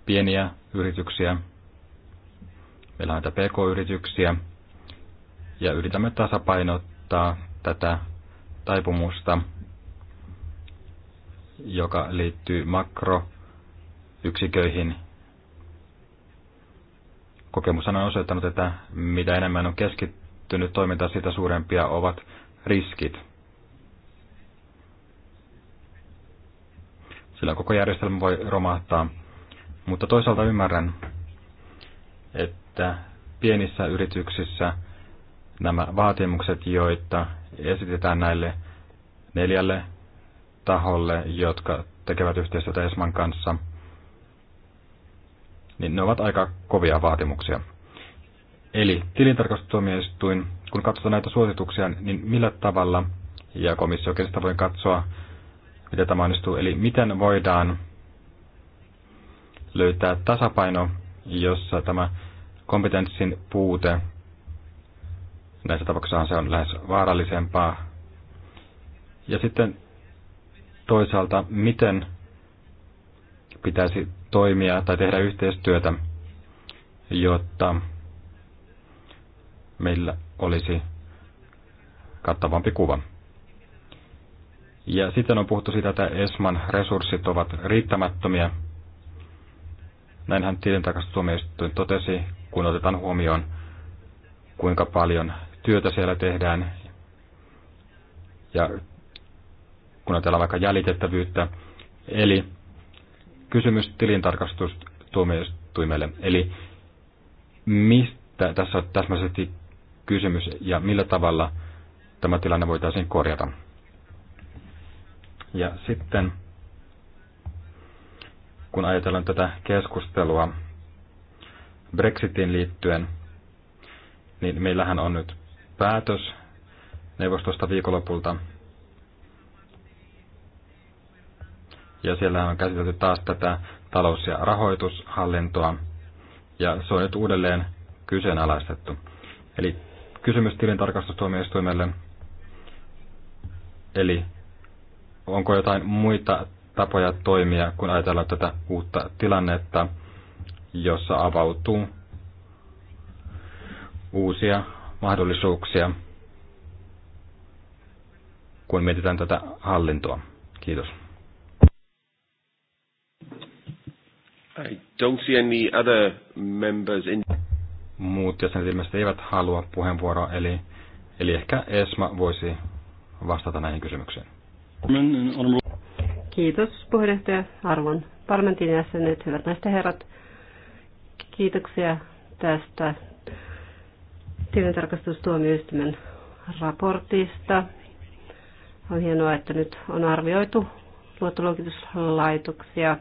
pieniä yrityksiä, meillä on näitä pk-yrityksiä, ja yritämme tasapainottaa tätä taipumusta, joka liittyy makroyksiköihin. Kokemus on osoittanut, että mitä enemmän on keskittynyt toiminta, sitä suurempia ovat riskit. Sillä koko järjestelmä voi romahtaa. Mutta toisaalta ymmärrän, että pienissä yrityksissä nämä vaatimukset, joita esitetään näille neljälle taholle, jotka tekevät yhteistyötä ESMAN kanssa, niin ne ovat aika kovia vaatimuksia. Eli tilintarkastustuomioistuin, kun katsotaan näitä suosituksia, niin millä tavalla, ja komissio oikeastaan voi katsoa, miten tämä onnistuu, eli miten voidaan löytää tasapaino, jossa tämä kompetenssin puute, näissä tapauksissa se on lähes vaarallisempaa. Ja sitten toisaalta, miten pitäisi toimia tai tehdä yhteistyötä, jotta meillä olisi kattavampi kuva. Ja sitten on puhuttu siitä, että ESMAN resurssit ovat riittämättömiä – Näinhän tilintarkastustuomioistuin totesi, kun otetaan huomioon, kuinka paljon työtä siellä tehdään ja kun ajatellaan vaikka jäljitettävyyttä. Eli kysymys tilintarkastustuomioistuimelle. Eli mistä tässä on täsmäisesti kysymys ja millä tavalla tämä tilanne voitaisiin korjata? Ja sitten kun ajatellaan tätä keskustelua Brexitin liittyen, niin meillähän on nyt päätös neuvostosta viikonlopulta. Ja siellä on käsitelty taas tätä talous- ja rahoitushallintoa, ja se on nyt uudelleen kyseenalaistettu. Eli kysymys tilintarkastustuomioistuimelle, eli onko jotain muita tapoja toimia, kun ajatellaan tätä uutta tilannetta, jossa avautuu uusia mahdollisuuksia, kun mietitään tätä hallintoa. Kiitos. I don't see any other members in... Muut jäsenet ilmeisesti eivät halua puheenvuoroa, eli, eli ehkä Esma voisi vastata näihin kysymyksiin. Kiitos puheenjohtaja Arvon parlamentin jäsenet, hyvät naiset ja herrat. Kiitoksia tästä tilintarkastustuomioistuimen raportista. On hienoa, että nyt on arvioitu luottoluokituslaitoksia.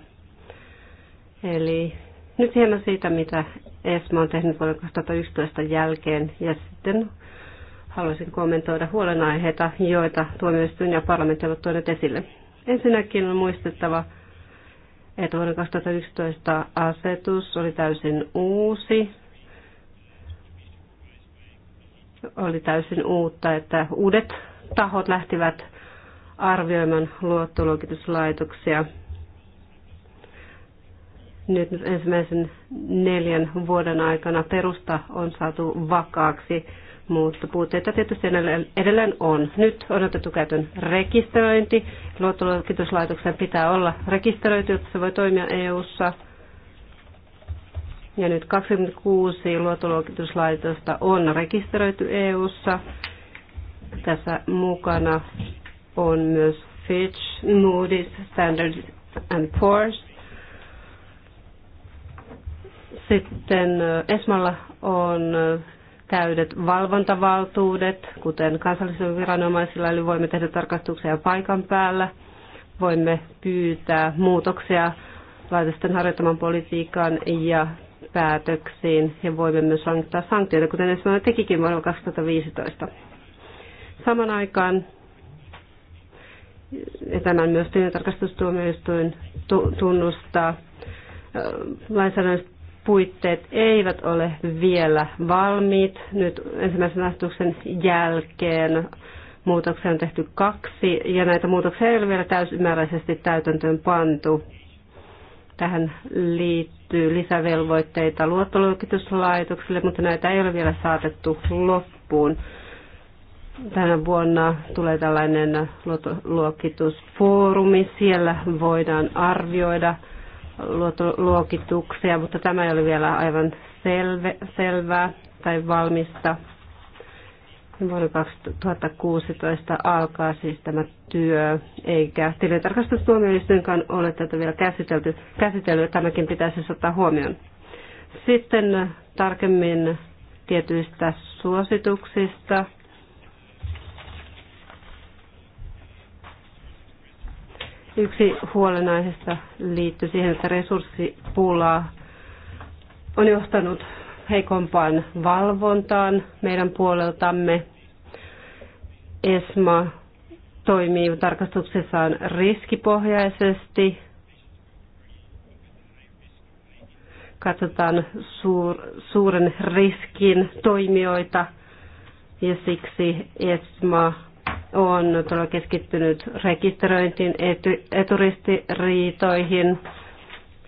Eli nyt hieman siitä, mitä ESMA on tehnyt vuoden 2011 jälkeen ja sitten haluaisin kommentoida huolenaiheita, joita tuomioistuin ja parlamentti ovat tuoneet esille. Ensinnäkin on muistettava, että vuoden 2011 asetus oli täysin uusi. Oli täysin uutta, että uudet tahot lähtivät arvioimaan luottoluokituslaitoksia. Nyt ensimmäisen neljän vuoden aikana perusta on saatu vakaaksi mutta puutteita tietysti edelleen on. Nyt on otettu käytön rekisteröinti. Luottoluokituslaitoksen pitää olla rekisteröity, jotta se voi toimia EU-ssa. Ja nyt 26 luottoluokituslaitosta on rekisteröity EU-ssa. Tässä mukana on myös Fitch, Moody's, Standard and Poor's. Sitten Esmalla on täydet valvontavaltuudet, kuten kansallisilla viranomaisilla, eli voimme tehdä tarkastuksia paikan päällä, voimme pyytää muutoksia laitosten harjoittaman politiikkaan ja päätöksiin ja voimme myös antaa sanktioita, kuten esimerkiksi tekikin vuonna 2015. Saman aikaan, ja tämän myös tilintarkastustuomioistuin tunnustaa, lainsäädännölliset puitteet eivät ole vielä valmiit. Nyt ensimmäisen astuksen jälkeen muutoksia on tehty kaksi ja näitä muutoksia ei ole vielä täysimääräisesti täytäntöön pantu. Tähän liittyy lisävelvoitteita luottoluokituslaitoksille, mutta näitä ei ole vielä saatettu loppuun. Tänä vuonna tulee tällainen luottoluokitusfoorumi. Siellä voidaan arvioida luottoluokituksia, mutta tämä ei ole vielä aivan selve, selvää tai valmista. Vuonna 2016 alkaa siis tämä työ, eikä tilintarkastustuomioistuinkaan ole tätä vielä käsitelty. Käsitellyt tämäkin pitäisi siis ottaa huomioon. Sitten tarkemmin tietyistä suosituksista. Yksi huolenaiheesta liittyy siihen, että resurssipulaa on johtanut heikompaan valvontaan meidän puoleltamme. ESMA toimii tarkastuksessaan riskipohjaisesti. Katsotaan suur, suuren riskin toimijoita ja siksi ESMA on todella keskittynyt rekisteröintiin, eturistiriitoihin.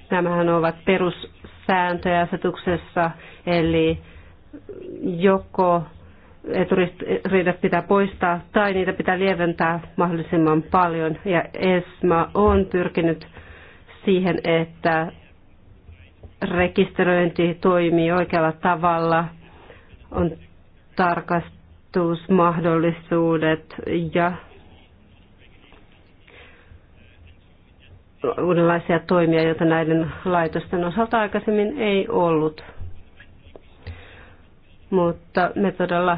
Nämähän ovat perussääntöjä asetuksessa, eli joko eturistiriidat pitää poistaa tai niitä pitää lieventää mahdollisimman paljon. Ja ESMA on pyrkinyt siihen, että rekisteröinti toimii oikealla tavalla, on tarkast vastuusmahdollisuudet ja uudenlaisia toimia, joita näiden laitosten osalta aikaisemmin ei ollut. Mutta me todella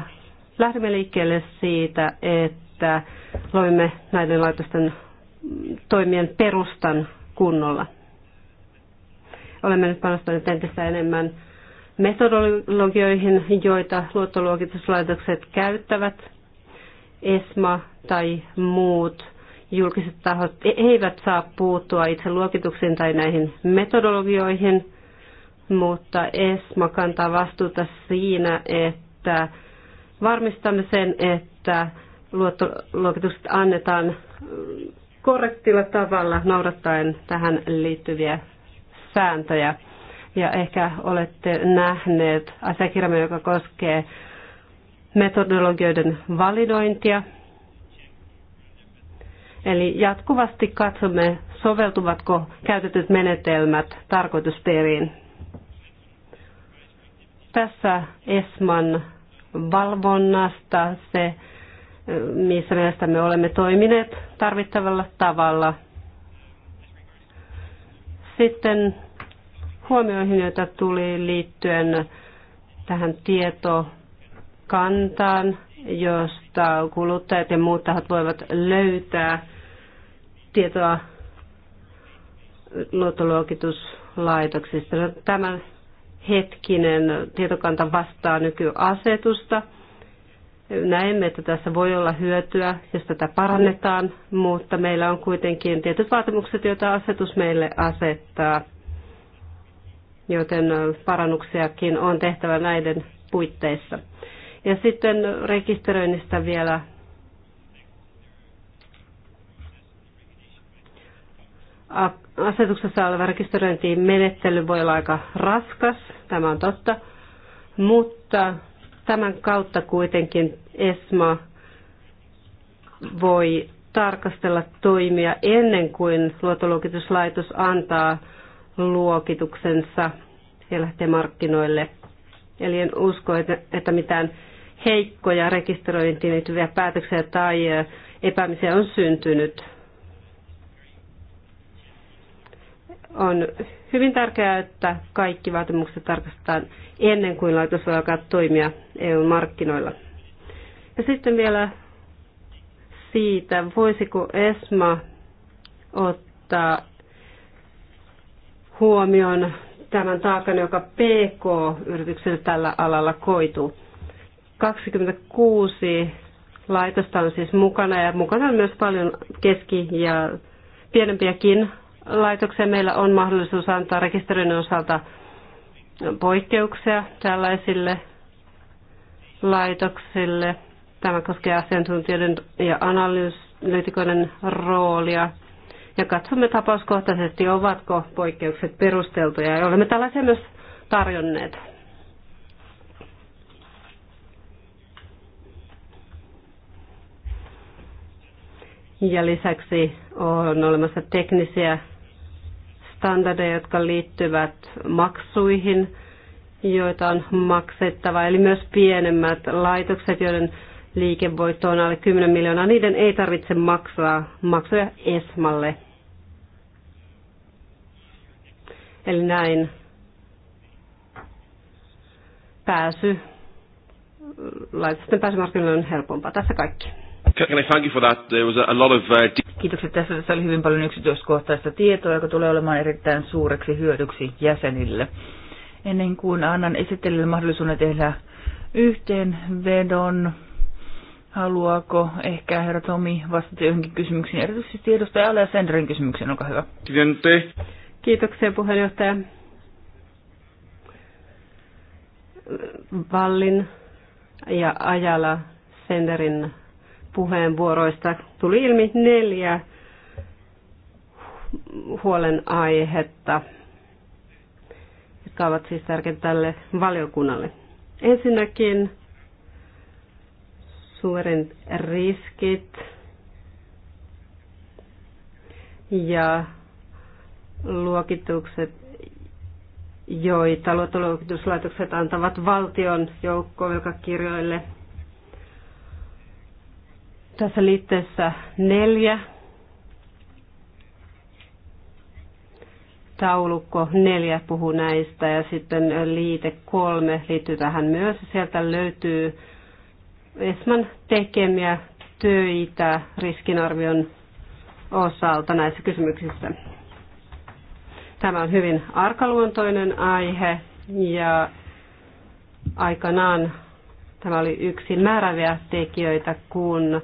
lähdemme liikkeelle siitä, että loimme näiden laitosten toimien perustan kunnolla. Olemme nyt panostaneet entistä enemmän metodologioihin, joita luottoluokituslaitokset käyttävät, ESMA tai muut julkiset tahot e- eivät saa puuttua itse luokituksiin tai näihin metodologioihin, mutta ESMA kantaa vastuuta siinä, että varmistamme sen, että luottoluokitukset annetaan korrektilla tavalla noudattaen tähän liittyviä sääntöjä ja ehkä olette nähneet asiakirjamme, joka koskee metodologioiden validointia. Eli jatkuvasti katsomme, soveltuvatko käytetyt menetelmät tarkoitusperiin. Tässä ESMAN valvonnasta se, missä me olemme toimineet tarvittavalla tavalla. Sitten huomioihin, joita tuli liittyen tähän tietokantaan, josta kuluttajat ja muut tahot voivat löytää tietoa luottoluokituslaitoksista. No, tämä hetkinen tietokanta vastaa nykyasetusta. Näemme, että tässä voi olla hyötyä, jos tätä parannetaan, mutta meillä on kuitenkin tietyt vaatimukset, joita asetus meille asettaa joten parannuksiakin on tehtävä näiden puitteissa. Ja sitten rekisteröinnistä vielä. Asetuksessa oleva menettely voi olla aika raskas, tämä on totta, mutta tämän kautta kuitenkin ESMA voi tarkastella toimia ennen kuin luottoluokituslaitos antaa luokituksensa ja lähtee markkinoille. Eli en usko, että, että mitään heikkoja rekisteröintiin liittyviä päätöksiä tai epäämisiä on syntynyt. On hyvin tärkeää, että kaikki vaatimukset tarkastetaan ennen kuin laitos voi alkaa toimia EU-markkinoilla. Ja sitten vielä siitä, voisiko ESMA ottaa huomioon tämän taakan, joka PK-yritykselle tällä alalla koituu. 26 laitosta on siis mukana ja mukana on myös paljon keski- ja pienempiäkin laitoksia. Meillä on mahdollisuus antaa rekisteröinnin osalta poikkeuksia tällaisille laitoksille. Tämä koskee asiantuntijoiden ja analyytikoiden roolia ja katsomme tapauskohtaisesti, ovatko poikkeukset perusteltuja ja olemme tällaisia myös tarjonneet. Ja lisäksi on olemassa teknisiä standardeja, jotka liittyvät maksuihin, joita on maksettava. Eli myös pienemmät laitokset, joiden liikevoitto on alle 10 miljoonaa, niiden ei tarvitse maksaa maksuja ESMalle. Eli näin pääsy, laitosten pääsymarkkinoille on helpompaa. Tässä kaikki. thank you for that? There was a lot of, uh, Kiitokset. Tässä, tässä oli hyvin paljon yksityiskohtaista tietoa, joka tulee olemaan erittäin suureksi hyödyksi jäsenille. Ennen kuin annan esittelijälle mahdollisuuden tehdä yhteenvedon, haluaako ehkä herra Tomi vastata johonkin kysymyksiin, erityisesti edustaja Alea Senderin kysymykseen, olkaa hyvä. Kiitoksia puheenjohtaja. Vallin ja Ajala Senderin puheenvuoroista tuli ilmi neljä huolenaihetta, jotka ovat siis tärkeitä tälle valiokunnalle. Ensinnäkin suurin riskit ja luokitukset, joita luottoluokituslaitokset antavat valtion joukkovelkakirjoille. Tässä liitteessä neljä taulukko neljä puhuu näistä ja sitten liite kolme liittyy tähän myös. Sieltä löytyy Esman tekemiä töitä riskinarvion osalta näissä kysymyksissä. Tämä on hyvin arkaluontoinen aihe ja aikanaan tämä oli yksi määräviä tekijöitä, kun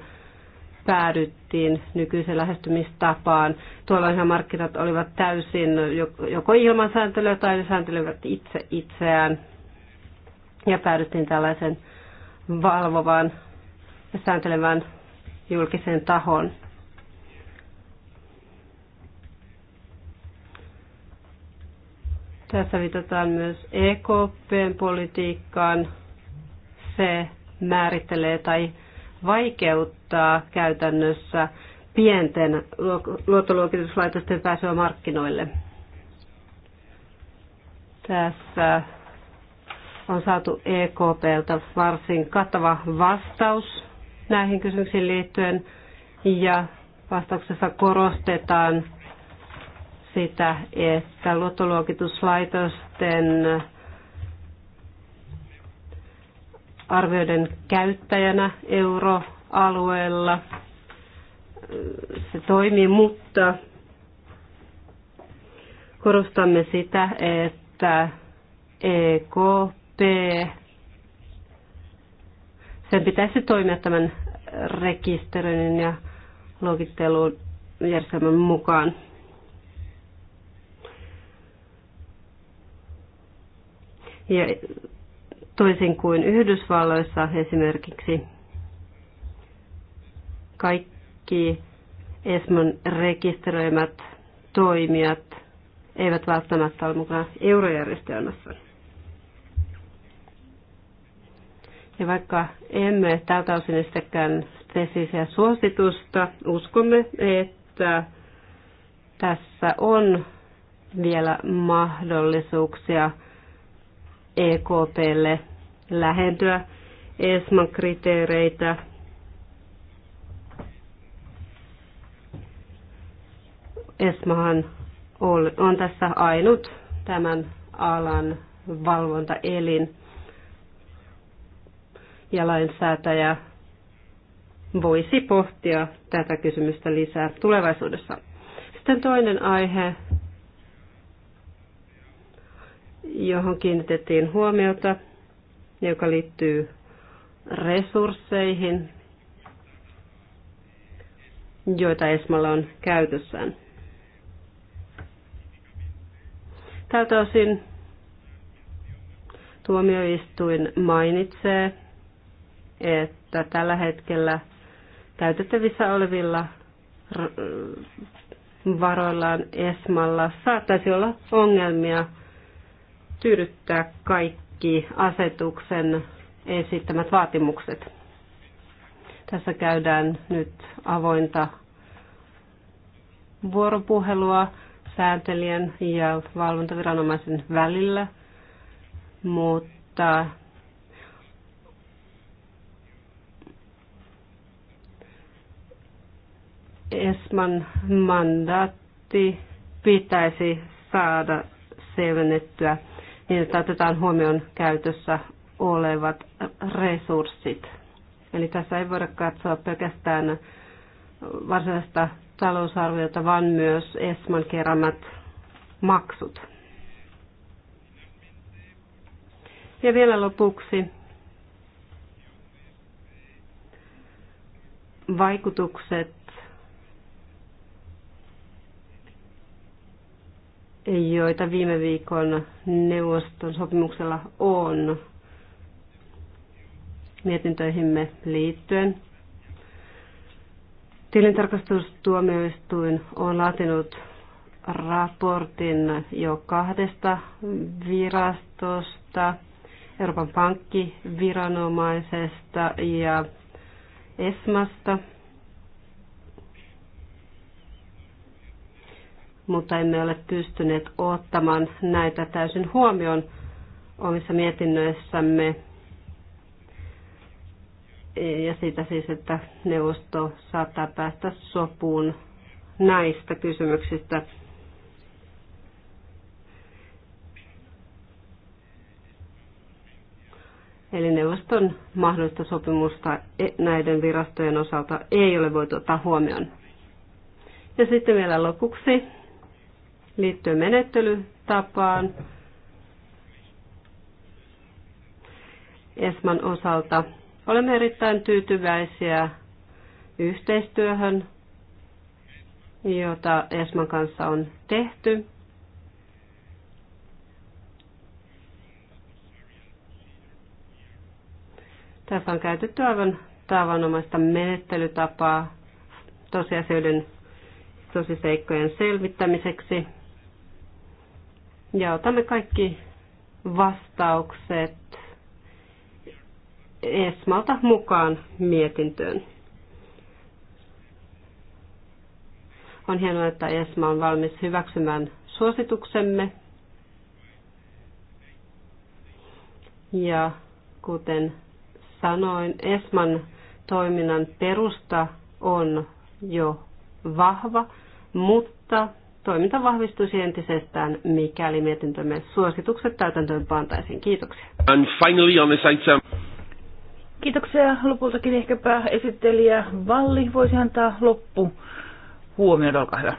päädyttiin nykyiseen lähestymistapaan. Tuolloinhan markkinat olivat täysin joko ilman sääntelyä tai ne sääntelivät itse itseään. Ja päädyttiin tällaisen valvovan ja sääntelevän julkisen tahon. Tässä viitataan myös EKPn politiikkaan. Se määrittelee tai vaikeuttaa käytännössä pienten luottoluokituslaitosten pääsyä markkinoille. Tässä on saatu EKPltä varsin kattava vastaus näihin kysymyksiin liittyen ja vastauksessa korostetaan sitä, että luottoluokituslaitosten arvioiden käyttäjänä euroalueella se toimii, mutta korostamme sitä, että EKP, sen pitäisi toimia tämän rekisteröinnin ja luokittelun järjestelmän mukaan. Ja toisin kuin Yhdysvalloissa esimerkiksi kaikki ESMON rekisteröimät toimijat eivät välttämättä ole mukana eurojärjestelmässä. Ja vaikka emme tältä osin estäkään spesisiä suositusta, uskomme, että tässä on vielä mahdollisuuksia – EKPlle lähentyä ESMAn kriteereitä. ESMAhan on tässä ainut tämän alan valvontaelin ja lainsäätäjä voisi pohtia tätä kysymystä lisää tulevaisuudessa. Sitten toinen aihe johon kiinnitettiin huomiota, joka liittyy resursseihin, joita Esmalla on käytössään. Tältä osin tuomioistuin mainitsee, että tällä hetkellä käytettävissä olevilla varoillaan Esmalla saattaisi olla ongelmia tyydyttää kaikki asetuksen esittämät vaatimukset. Tässä käydään nyt avointa vuoropuhelua sääntelijän ja valvontaviranomaisen välillä, mutta ESMAn mandaatti pitäisi saada selvennettyä niin, että otetaan huomioon käytössä olevat resurssit. Eli tässä ei voida katsoa pelkästään varsinaista talousarviota, vaan myös ESMAn keräämät maksut. Ja vielä lopuksi vaikutukset joita viime viikon neuvoston sopimuksella on mietintöihimme liittyen. Tilintarkastustuomioistuin on laatinut raportin jo kahdesta virastosta, Euroopan pankkiviranomaisesta ja ESMasta – mutta emme ole pystyneet ottamaan näitä täysin huomioon omissa mietinnöissämme. Ja siitä siis, että neuvosto saattaa päästä sopuun näistä kysymyksistä. Eli neuvoston mahdollista sopimusta e- näiden virastojen osalta ei ole voitu ottaa huomioon. Ja sitten vielä lopuksi liittyen menettelytapaan Esman osalta. Olemme erittäin tyytyväisiä yhteistyöhön, jota Esman kanssa on tehty. Tässä on käytetty aivan tavanomaista menettelytapaa tosiasioiden tosiseikkojen selvittämiseksi ja otamme kaikki vastaukset Esmalta mukaan mietintöön. On hienoa, että Esma on valmis hyväksymään suosituksemme. Ja kuten sanoin, Esman toiminnan perusta on jo vahva, mutta toiminta vahvistuisi entisestään, mikäli mietintömme suositukset täytäntöön pantaisiin. Kiitoksia. And finally on this item. Kiitoksia. Lopultakin ehkäpä esittelijä Valli voisi antaa loppu huomioon. Olkaa hyvä.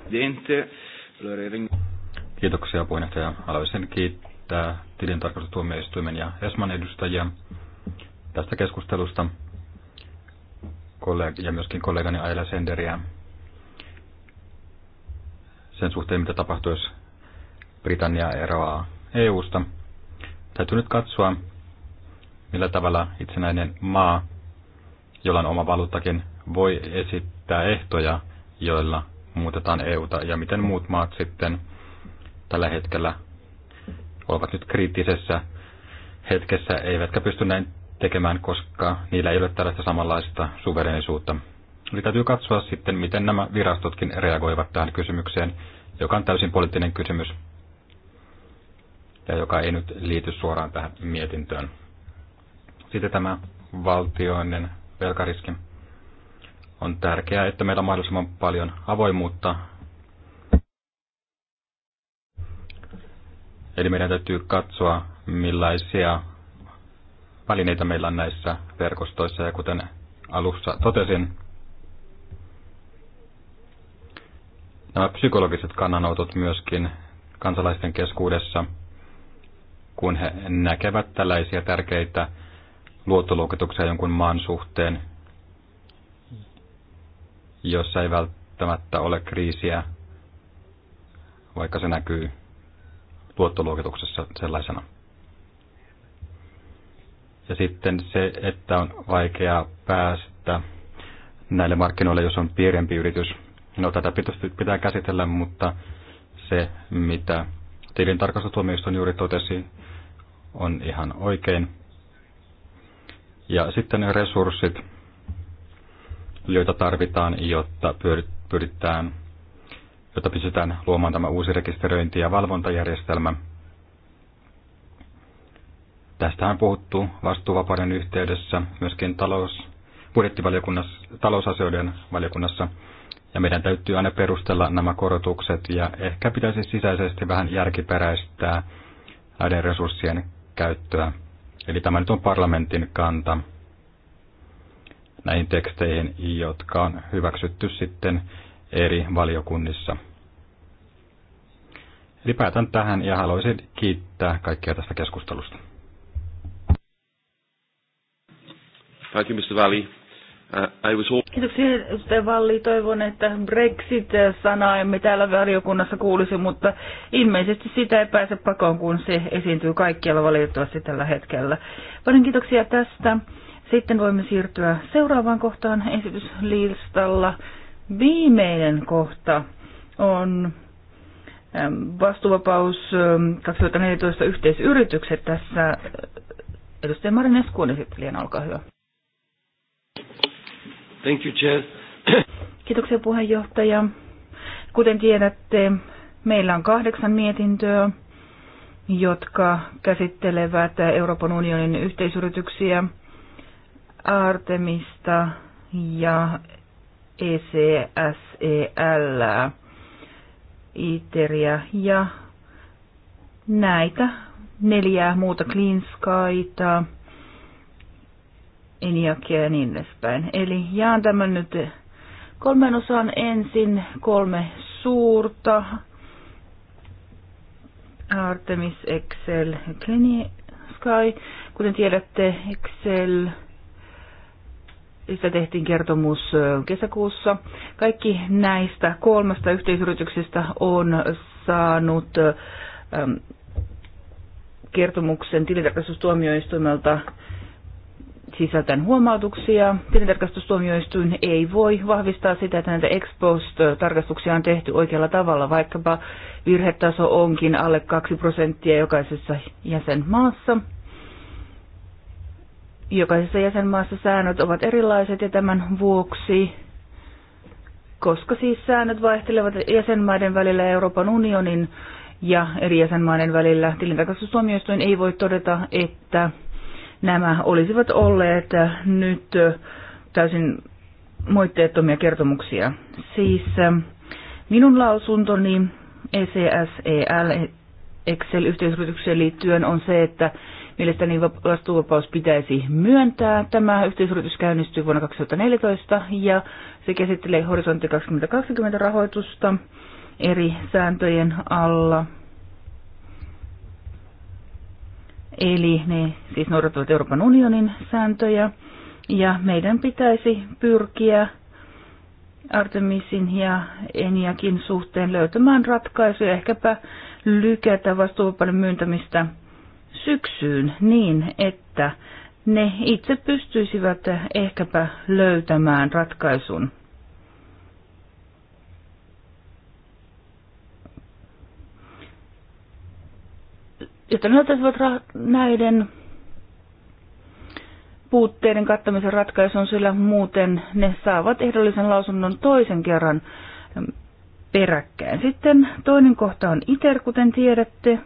Kiitoksia puheenjohtaja. Haluaisin kiittää tilintarkastustuomioistuimen ja ESMAN edustajia tästä keskustelusta ja myöskin kollegani Aila Senderiä sen suhteen, mitä tapahtuu, jos Britannia eroaa EU-sta. Täytyy nyt katsoa, millä tavalla itsenäinen maa, jolla on oma valuuttakin, voi esittää ehtoja, joilla muutetaan EUta, ja miten muut maat sitten tällä hetkellä ovat nyt kriittisessä hetkessä, eivätkä pysty näin tekemään, koska niillä ei ole tällaista samanlaista suverenisuutta. Eli täytyy katsoa sitten, miten nämä virastotkin reagoivat tähän kysymykseen, joka on täysin poliittinen kysymys ja joka ei nyt liity suoraan tähän mietintöön. Sitten tämä valtioinen velkariski. On tärkeää, että meillä on mahdollisimman paljon avoimuutta. Eli meidän täytyy katsoa, millaisia välineitä meillä on näissä verkostoissa. Ja kuten alussa totesin, nämä psykologiset kannanotot myöskin kansalaisten keskuudessa, kun he näkevät tällaisia tärkeitä luottoluokituksia jonkun maan suhteen, jossa ei välttämättä ole kriisiä, vaikka se näkyy luottoluokituksessa sellaisena. Ja sitten se, että on vaikea päästä näille markkinoille, jos on pienempi yritys – No tätä pitää käsitellä, mutta se mitä tilintarkastustuomioistuin juuri totesi on ihan oikein. Ja sitten ne resurssit, joita tarvitaan, jotta pyritään, jotta pystytään luomaan tämä uusi rekisteröinti- ja valvontajärjestelmä. Tästähän on puhuttu vastuuvapauden yhteydessä myöskin talous, budjettivaliokunnassa, talousasioiden valiokunnassa, ja meidän täytyy aina perustella nämä korotukset ja ehkä pitäisi sisäisesti vähän järkiperäistää näiden resurssien käyttöä. Eli tämä nyt on parlamentin kanta näihin teksteihin, jotka on hyväksytty sitten eri valiokunnissa. Eli päätän tähän ja haluaisin kiittää kaikkia tästä keskustelusta. Thank you, Mr. Valley. Uh, I was all... Kiitoksia, edustaja Valli. Toivon, että Brexit-sanaa emme täällä valiokunnassa kuulisi, mutta ilmeisesti sitä ei pääse pakoon, kun se esiintyy kaikkialla valitettavasti tällä hetkellä. Paljon kiitoksia tästä. Sitten voimme siirtyä seuraavaan kohtaan esityslistalla. Viimeinen kohta on ähm, vastuvapaus 2014 ähm, yhteisyritykset tässä. Äh, edustaja Marin Eskuun esittelijän, olkaa hyvä. Thank you, Chair. Kiitoksia puheenjohtaja. Kuten tiedätte, meillä on kahdeksan mietintöä, jotka käsittelevät Euroopan unionin yhteisyrityksiä, Artemista ja ECSEL, ITERiä ja näitä neljää muuta Clean Skyta, Eniakia ja niin edespäin. Eli jaan tämän nyt kolmen osan ensin kolme suurta. Artemis, Excel ja Sky. Kuten tiedätte, Excel, sitä tehtiin kertomus kesäkuussa. Kaikki näistä kolmesta yhteisyrityksestä on saanut kertomuksen tilintarkastustuomioistuimelta sisältäen huomautuksia. Tilintarkastustuomioistuin ei voi vahvistaa sitä, että näitä ex post-tarkastuksia on tehty oikealla tavalla, vaikkapa virhetaso onkin alle 2 prosenttia jokaisessa jäsenmaassa. Jokaisessa jäsenmaassa säännöt ovat erilaiset ja tämän vuoksi, koska siis säännöt vaihtelevat jäsenmaiden välillä Euroopan unionin ja eri jäsenmaiden välillä, tilintarkastustuomioistuin ei voi todeta, että nämä olisivat olleet äh, nyt äh, täysin moitteettomia kertomuksia. Siis äh, minun lausuntoni ECSEL Excel-yhteisyritykseen liittyen on se, että mielestäni vastuuvapaus pitäisi myöntää. Tämä yhteisyritys käynnistyy vuonna 2014 ja se käsittelee horisontti 2020 rahoitusta eri sääntöjen alla Eli ne siis noudattavat Euroopan unionin sääntöjä ja meidän pitäisi pyrkiä Artemisin ja Eniakin suhteen löytämään ratkaisuja, ehkäpä lykätä vastuuvapauden myyntämistä syksyyn niin, että ne itse pystyisivät ehkäpä löytämään ratkaisun. jotta ne löytäisivät näiden puutteiden kattamisen ratkaisun, sillä muuten ne saavat ehdollisen lausunnon toisen kerran peräkkäin. Sitten toinen kohta on ITER, kuten tiedätte.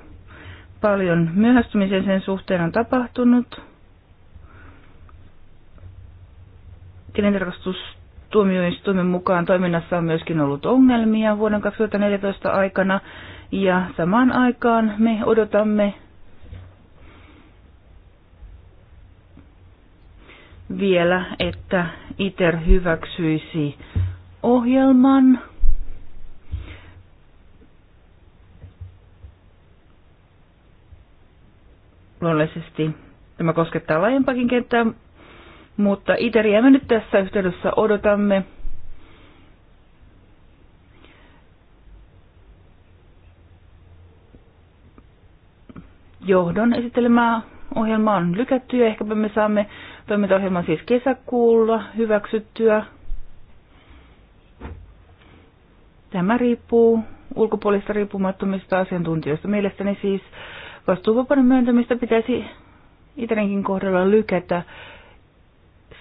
Paljon myöhästymisen sen suhteen on tapahtunut. Tilintarkastus tuomioistuimen mukaan toiminnassa on myöskin ollut ongelmia vuoden 2014 aikana ja samaan aikaan me odotamme vielä, että ITER hyväksyisi ohjelman. Luonnollisesti tämä koskettaa laajempakin kenttää, mutta Iteriä me nyt tässä yhteydessä odotamme. Johdon esittelemää ohjelma on lykätty ja ehkäpä me saamme toimintaohjelman siis kesäkuulla hyväksyttyä. Tämä riippuu ulkopuolista riippumattomista asiantuntijoista. Mielestäni siis vastuuvapauden myöntämistä pitäisi itsekin kohdalla lykätä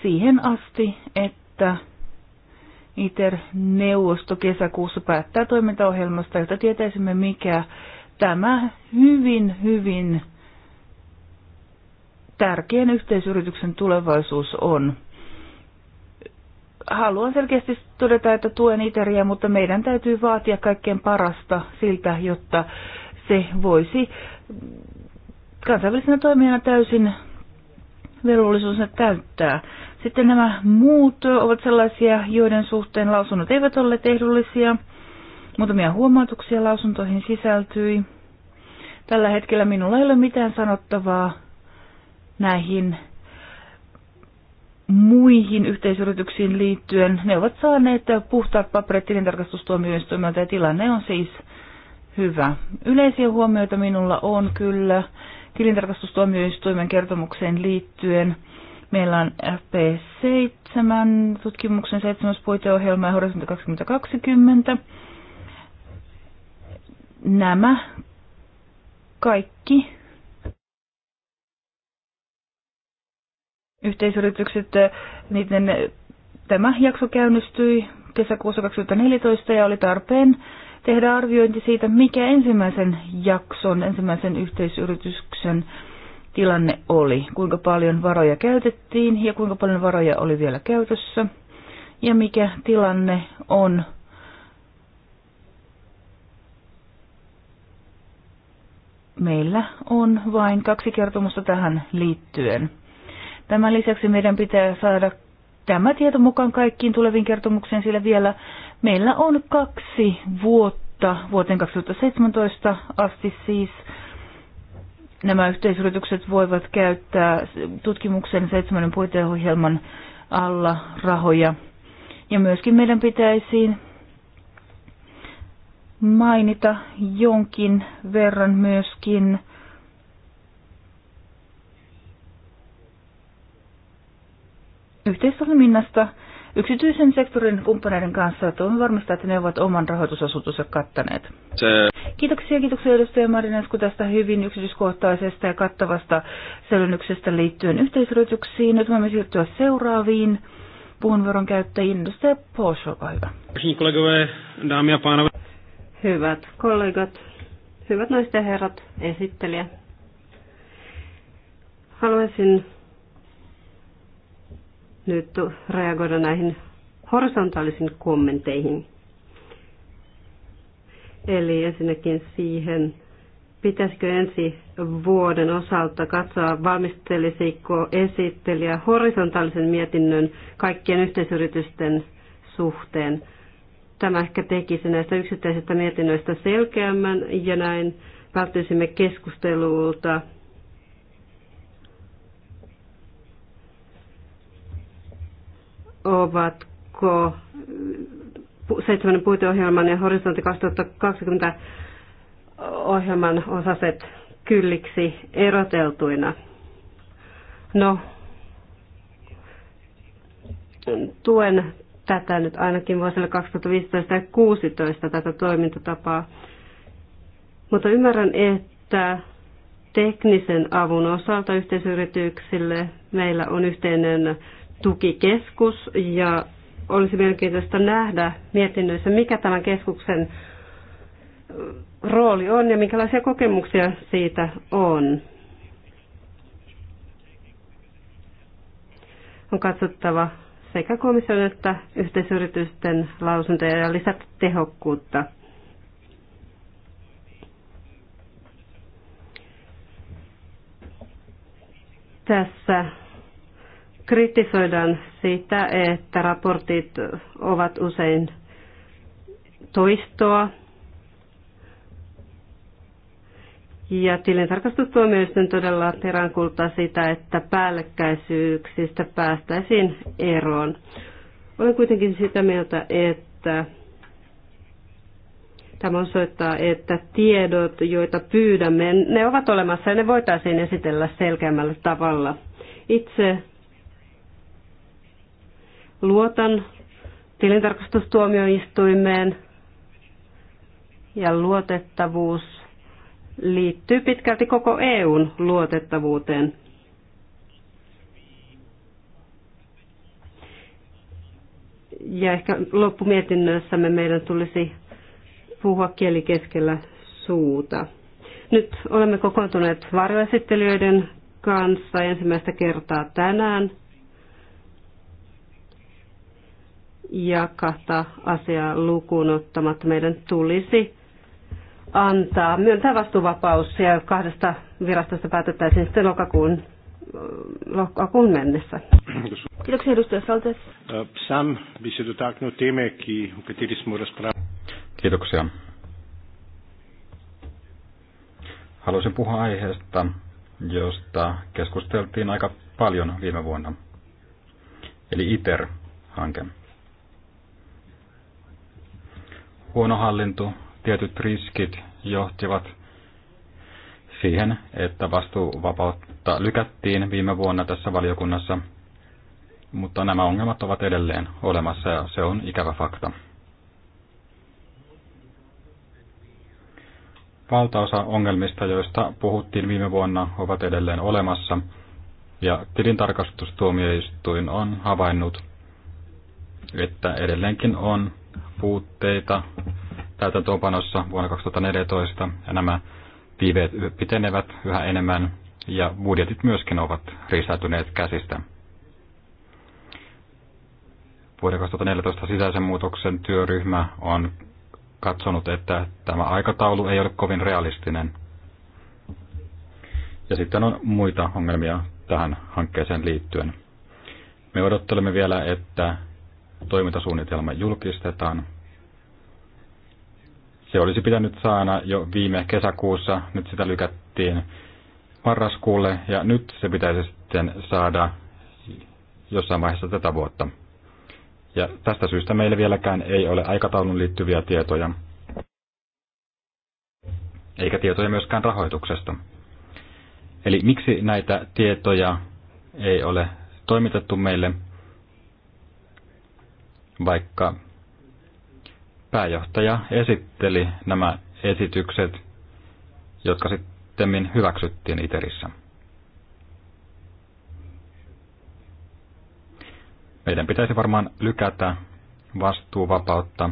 siihen asti, että ITER-neuvosto kesäkuussa päättää toimintaohjelmasta, jotta tietäisimme mikä tämä hyvin, hyvin tärkeän yhteisyrityksen tulevaisuus on. Haluan selkeästi todeta, että tuen Iteriä, mutta meidän täytyy vaatia kaikkein parasta siltä, jotta se voisi kansainvälisenä toimijana täysin velvollisuus täyttää. Sitten nämä muut ovat sellaisia, joiden suhteen lausunnot eivät ole ehdollisia. Muutamia huomautuksia lausuntoihin sisältyi. Tällä hetkellä minulla ei ole mitään sanottavaa näihin muihin yhteisyrityksiin liittyen. Ne ovat saaneet puhtaat paperit tilintarkastustuomioistuimelta ja tilanne on siis hyvä. Yleisiä huomioita minulla on kyllä tilintarkastustuomioistuimen kertomukseen liittyen – Meillä on FP7, tutkimuksen seitsemäs puiteohjelma ja Horisontti 2020. Nämä kaikki yhteisyritykset, äh, niiden äh, tämä jakso käynnistyi kesäkuussa 2014 ja oli tarpeen tehdä arviointi siitä, mikä ensimmäisen jakson, ensimmäisen yhteisyrityksen tilanne oli, kuinka paljon varoja käytettiin ja kuinka paljon varoja oli vielä käytössä ja mikä tilanne on meillä on vain kaksi kertomusta tähän liittyen. Tämän lisäksi meidän pitää saada tämä tieto mukaan kaikkiin tuleviin kertomuksiin, sillä vielä meillä on kaksi vuotta, vuoteen 2017 asti siis, nämä yhteisyritykset voivat käyttää tutkimuksen seitsemännen puiteohjelman alla rahoja. Ja myöskin meidän pitäisi mainita jonkin verran myöskin yhteistoiminnasta yksityisen sektorin kumppaneiden kanssa, että on varmistaa, että ne ovat oman rahoitusosuutensa kattaneet. Se... Kiitoksia, kiitoksia edustaja Marinesku tästä hyvin yksityiskohtaisesta ja kattavasta selvennyksestä liittyen yhteisyrityksiin. Nyt voimme siirtyä seuraaviin puheenvuoron käyttäjiin. Edustaja Posh, olkaa hyvä. Hyvät kollegat, hyvät naiset ja herrat, esittelijä. Haluaisin nyt reagoida näihin horisontaalisiin kommenteihin. Eli ensinnäkin siihen, pitäisikö ensi vuoden osalta katsoa, valmistelisiko esittelijä horisontaalisen mietinnön kaikkien yhteisyritysten suhteen. Tämä ehkä tekisi näistä yksittäisistä mietinnöistä selkeämmän ja näin välttyisimme keskustelulta ovatko seitsemännen puiteohjelman ja horisontti 2020 ohjelman osaset kylliksi eroteltuina. No, tuen tätä nyt ainakin vuosille 2015 ja 2016 tätä toimintatapaa. Mutta ymmärrän, että teknisen avun osalta yhteisyrityksille meillä on yhteinen tukikeskus ja olisi mielenkiintoista nähdä mietinnöissä, mikä tämän keskuksen rooli on ja minkälaisia kokemuksia siitä on. On katsottava sekä komission että yhteisyritysten lausuntoja ja lisätä tehokkuutta. Tässä kritisoidaan sitä, että raportit ovat usein toistoa. Ja tilintarkastustuomioistuin todella peräänkuuluttaa sitä, että päällekkäisyyksistä päästäisiin eroon. Olen kuitenkin sitä mieltä, että tämä osoittaa, että tiedot, joita pyydämme, ne ovat olemassa ja ne voitaisiin esitellä selkeämmällä tavalla. Itse luotan tilintarkastustuomioistuimeen ja luotettavuus liittyy pitkälti koko EUn luotettavuuteen. Ja ehkä loppumietinnössämme meidän tulisi puhua kieli keskellä suuta. Nyt olemme kokoontuneet varjoesittelijöiden kanssa ensimmäistä kertaa tänään – ja kahta asiaa lukuun ottamatta meidän tulisi antaa myöntää vastuuvapaus ja kahdesta virastosta päätettäisiin sitten lokakuun, lokakuun mennessä. Kiitoksia edustaja Saltes. Sam no, Kiitoksia. Haluaisin puhua aiheesta, josta keskusteltiin aika paljon viime vuonna, eli ITER-hanke. huono hallinto, tietyt riskit johtivat siihen, että vastuuvapautta lykättiin viime vuonna tässä valiokunnassa, mutta nämä ongelmat ovat edelleen olemassa ja se on ikävä fakta. Valtaosa ongelmista, joista puhuttiin viime vuonna, ovat edelleen olemassa, ja tilintarkastustuomioistuin on havainnut, että edelleenkin on puutteita täytäntöönpanossa vuonna 2014 ja nämä viiveet pitenevät yhä enemmän ja budjetit myöskin ovat risäytyneet käsistä. Vuoden 2014 sisäisen muutoksen työryhmä on katsonut, että tämä aikataulu ei ole kovin realistinen. Ja sitten on muita ongelmia tähän hankkeeseen liittyen. Me odottelemme vielä, että toimintasuunnitelma julkistetaan. Se olisi pitänyt saada jo viime kesäkuussa, nyt sitä lykättiin marraskuulle ja nyt se pitäisi sitten saada jossain vaiheessa tätä vuotta. Ja tästä syystä meillä vieläkään ei ole aikataulun liittyviä tietoja, eikä tietoja myöskään rahoituksesta. Eli miksi näitä tietoja ei ole toimitettu meille vaikka pääjohtaja esitteli nämä esitykset, jotka sitten hyväksyttiin ITERissä. Meidän pitäisi varmaan lykätä vastuuvapautta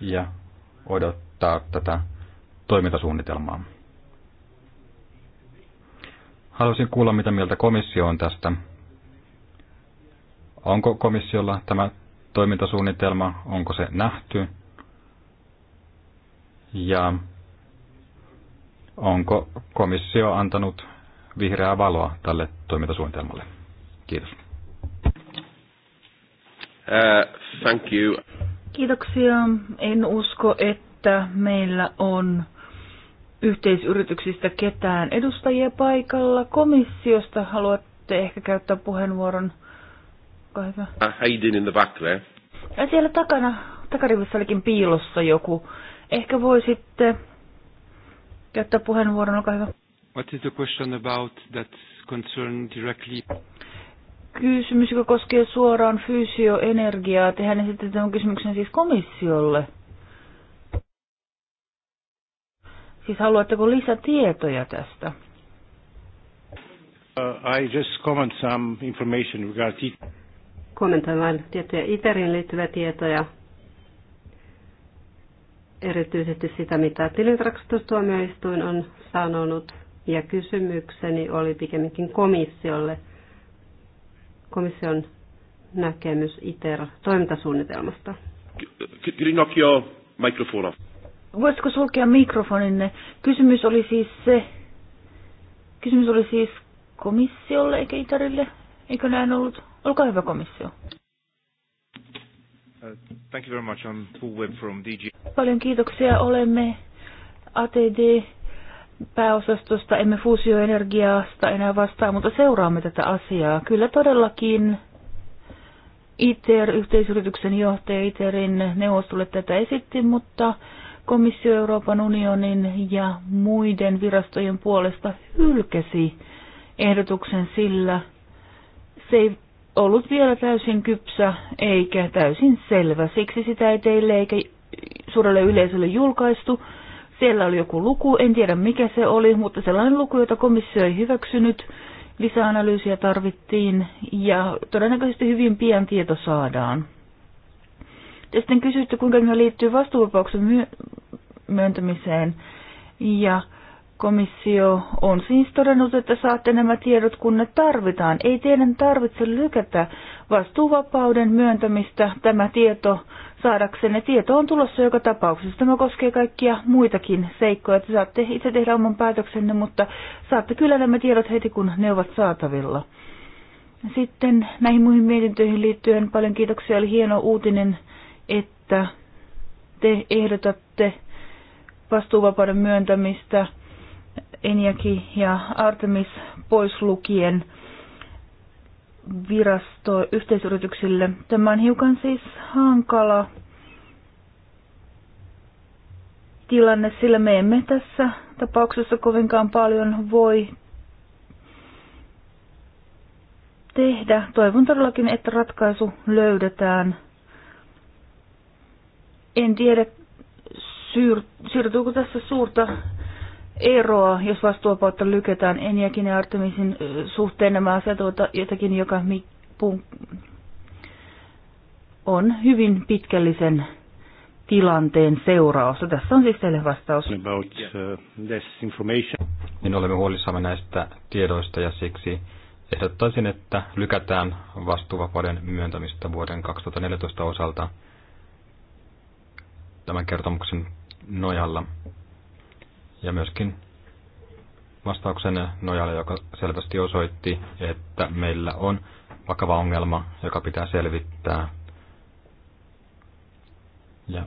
ja odottaa tätä toimintasuunnitelmaa. Haluaisin kuulla, mitä mieltä komissio on tästä. Onko komissiolla tämä toimintasuunnitelma, onko se nähty ja onko komissio antanut vihreää valoa tälle toimintasuunnitelmalle. Kiitos. Uh, thank you. Kiitoksia. En usko, että meillä on yhteisyrityksistä ketään edustajia paikalla. Komissiosta haluatte ehkä käyttää puheenvuoron olkaa hyvä. Hiding ah, in the back there. Ja siellä takana, takarivissä olikin piilossa joku. Ehkä voisitte käyttää puheenvuoron, olkaa hyvä. What is the question about that concern directly? Kysymys, joka koskee suoraan fysioenergiaa. Tehän esitte tämän kysymyksen siis komissiolle. Siis haluatteko lisätietoja tästä? Uh, I just comment some information regarding kommentoimaan tiettyjä ITERin liittyviä tietoja, erityisesti sitä, mitä tilintarkastustuomioistuin on sanonut. Ja kysymykseni oli pikemminkin komissiolle, komission näkemys ITER-toimintasuunnitelmasta. Voisiko sulkea mikrofoninne? Kysymys oli siis se, kysymys oli siis komissiolle eikä ITERille, eikö näin ollut? Olkaa hyvä komissio. Uh, thank you very much. I'm Paul Webb from DG. Paljon kiitoksia. Olemme ATD pääosastosta, emme fuusioenergiasta enää vastaa, mutta seuraamme tätä asiaa. Kyllä todellakin ITER-yhteisyrityksen johtaja ITERin neuvostolle tätä esitti, mutta komissio Euroopan unionin ja muiden virastojen puolesta hylkäsi ehdotuksen sillä, se ei ollut vielä täysin kypsä eikä täysin selvä. Siksi sitä ei teille eikä suurelle yleisölle julkaistu. Siellä oli joku luku, en tiedä mikä se oli, mutta sellainen luku, jota komissio ei hyväksynyt. Lisäanalyysiä tarvittiin ja todennäköisesti hyvin pian tieto saadaan. Ja sitten kysytte, kuinka tämä liittyy vastuuvapauksen myöntämiseen ja Komissio on siis todennut, että saatte nämä tiedot, kun ne tarvitaan. Ei teidän tarvitse lykätä vastuuvapauden myöntämistä tämä tieto saadaksenne. Tieto on tulossa joka tapauksessa. Tämä koskee kaikkia muitakin seikkoja. Te saatte itse tehdä oman päätöksenne, mutta saatte kyllä nämä tiedot heti, kun ne ovat saatavilla. Sitten näihin muihin mietintöihin liittyen paljon kiitoksia. Oli hieno uutinen, että te ehdotatte vastuuvapauden myöntämistä – Enjaki ja Artemis pois lukien virasto yhteisyrityksille. Tämä on hiukan siis hankala tilanne, sillä me emme tässä tapauksessa kovinkaan paljon voi tehdä. Toivon todellakin, että ratkaisu löydetään. En tiedä, siirtyykö tässä suurta eroa, jos vastuupautta lykätään Eniakin ja Artemisin suhteen. Nämä asiat ovat jotakin, joka on hyvin pitkällisen tilanteen seurausta. Tässä on siis teille vastaus. About, uh, information. Niin olemme huolissamme näistä tiedoista ja siksi ehdottaisin, että lykätään vastuuvapauden myöntämistä vuoden 2014 osalta tämän kertomuksen nojalla ja myöskin vastauksen nojalle, joka selvästi osoitti, että meillä on vakava ongelma, joka pitää selvittää. Ja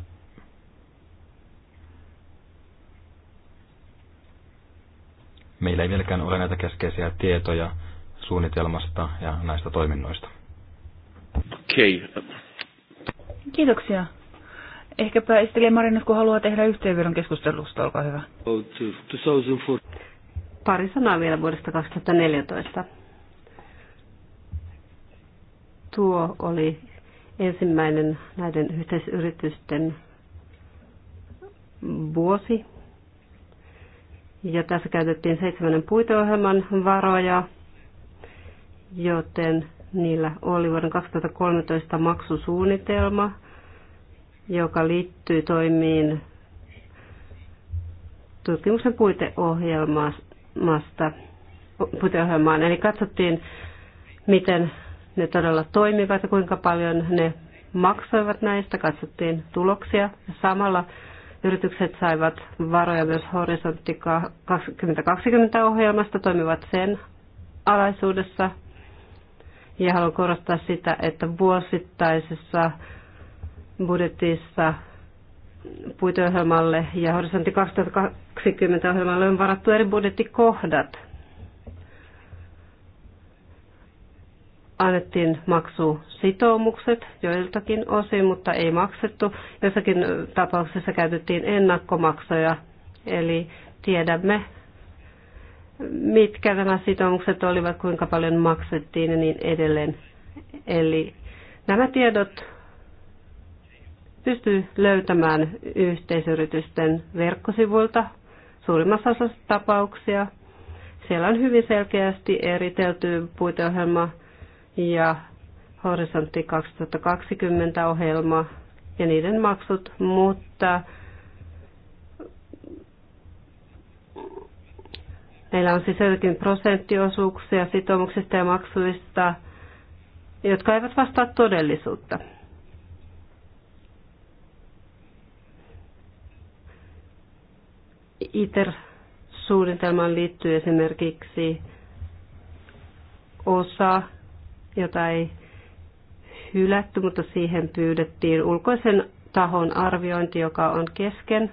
meillä ei vieläkään ole näitä keskeisiä tietoja suunnitelmasta ja näistä toiminnoista. Okei. Okay. Kiitoksia. Ehkäpä esittelijä Marinus, kun haluaa tehdä yhteenvedon keskustelusta, olkaa hyvä. Pari sanaa vielä vuodesta 2014. Tuo oli ensimmäinen näiden yhteisyritysten vuosi. Ja tässä käytettiin seitsemännen puiteohjelman varoja, joten niillä oli vuoden 2013 maksusuunnitelma – joka liittyy toimiin tutkimuksen puiteohjelmasta, puiteohjelmaan. Eli katsottiin, miten ne todella toimivat ja kuinka paljon ne maksoivat näistä. Katsottiin tuloksia ja samalla yritykset saivat varoja myös Horisontti 2020-ohjelmasta, toimivat sen alaisuudessa. Ja haluan korostaa sitä, että vuosittaisessa budjetissa puiteohjelmalle ja horisontti 2020 ohjelmalle on varattu eri budjettikohdat. Annettiin maksusitoumukset joiltakin osin, mutta ei maksettu. Jossakin tapauksessa käytettiin ennakkomaksoja, eli tiedämme, mitkä nämä sitoumukset olivat, kuinka paljon maksettiin ja niin edelleen. Eli nämä tiedot pystyy löytämään yhteisyritysten verkkosivuilta suurimmassa osassa tapauksia. Siellä on hyvin selkeästi eritelty puiteohjelma ja Horisontti 2020 ohjelma ja niiden maksut, mutta meillä on siis jotakin prosenttiosuuksia sitoumuksista ja maksuista, jotka eivät vastaa todellisuutta. ITER-suunnitelmaan liittyy esimerkiksi osa, jota ei hylätty, mutta siihen pyydettiin ulkoisen tahon arviointi, joka on kesken.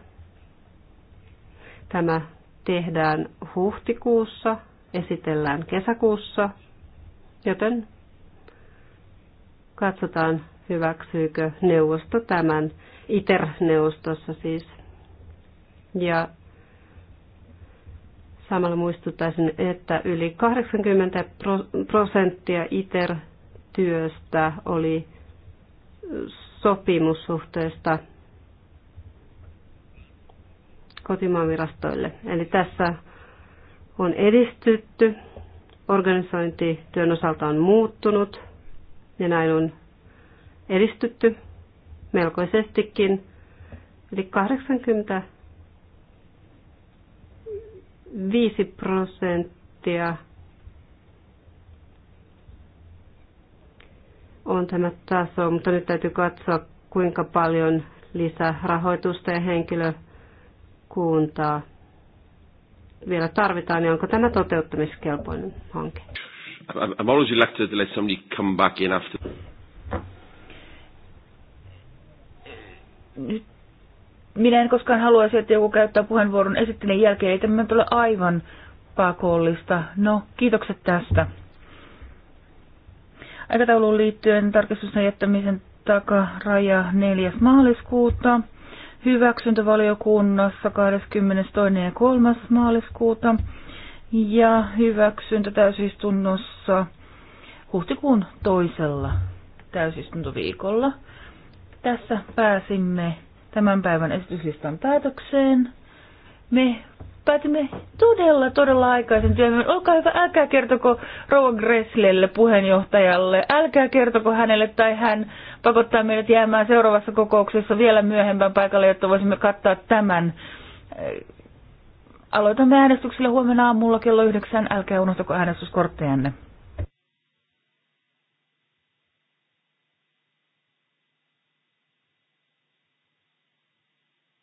Tämä tehdään huhtikuussa, esitellään kesäkuussa, joten katsotaan, hyväksyykö neuvosto tämän ITER-neuvostossa siis. Ja Samalla muistuttaisin, että yli 80 prosenttia ITER-työstä oli sopimussuhteesta kotimaan virastoille. Eli tässä on edistytty, organisointi työn osalta on muuttunut ja näin on edistytty melkoisestikin. Eli 80 5 prosenttia on tämä taso, mutta nyt täytyy katsoa, kuinka paljon lisärahoitusta ja henkilökuntaa vielä tarvitaan, niin onko tämä toteuttamiskelpoinen hanke? I'm always reluctant to let somebody come back in after. Nyt minä en koskaan haluaisi, että joku käyttää puheenvuoron esittelyn jälkeen. Ei tämä ole aivan pakollista. No, kiitokset tästä. Aikatauluun liittyen tarkistuksen jättämisen takaraja 4. maaliskuuta. Hyväksyntävaliokunnassa 22. ja 3. maaliskuuta. Ja hyväksyntä täysistunnossa huhtikuun toisella täysistuntoviikolla. Tässä pääsimme tämän päivän esityslistan päätökseen. Me päätimme todella, todella aikaisen työmme. Olkaa hyvä, älkää kertoko Rova Gresslelle puheenjohtajalle, älkää kertoko hänelle tai hän pakottaa meidät jäämään seuraavassa kokouksessa vielä myöhempään paikalle, jotta voisimme kattaa tämän. Aloitamme äänestyksellä huomenna aamulla kello yhdeksän. Älkää unohtako äänestyskorttejanne.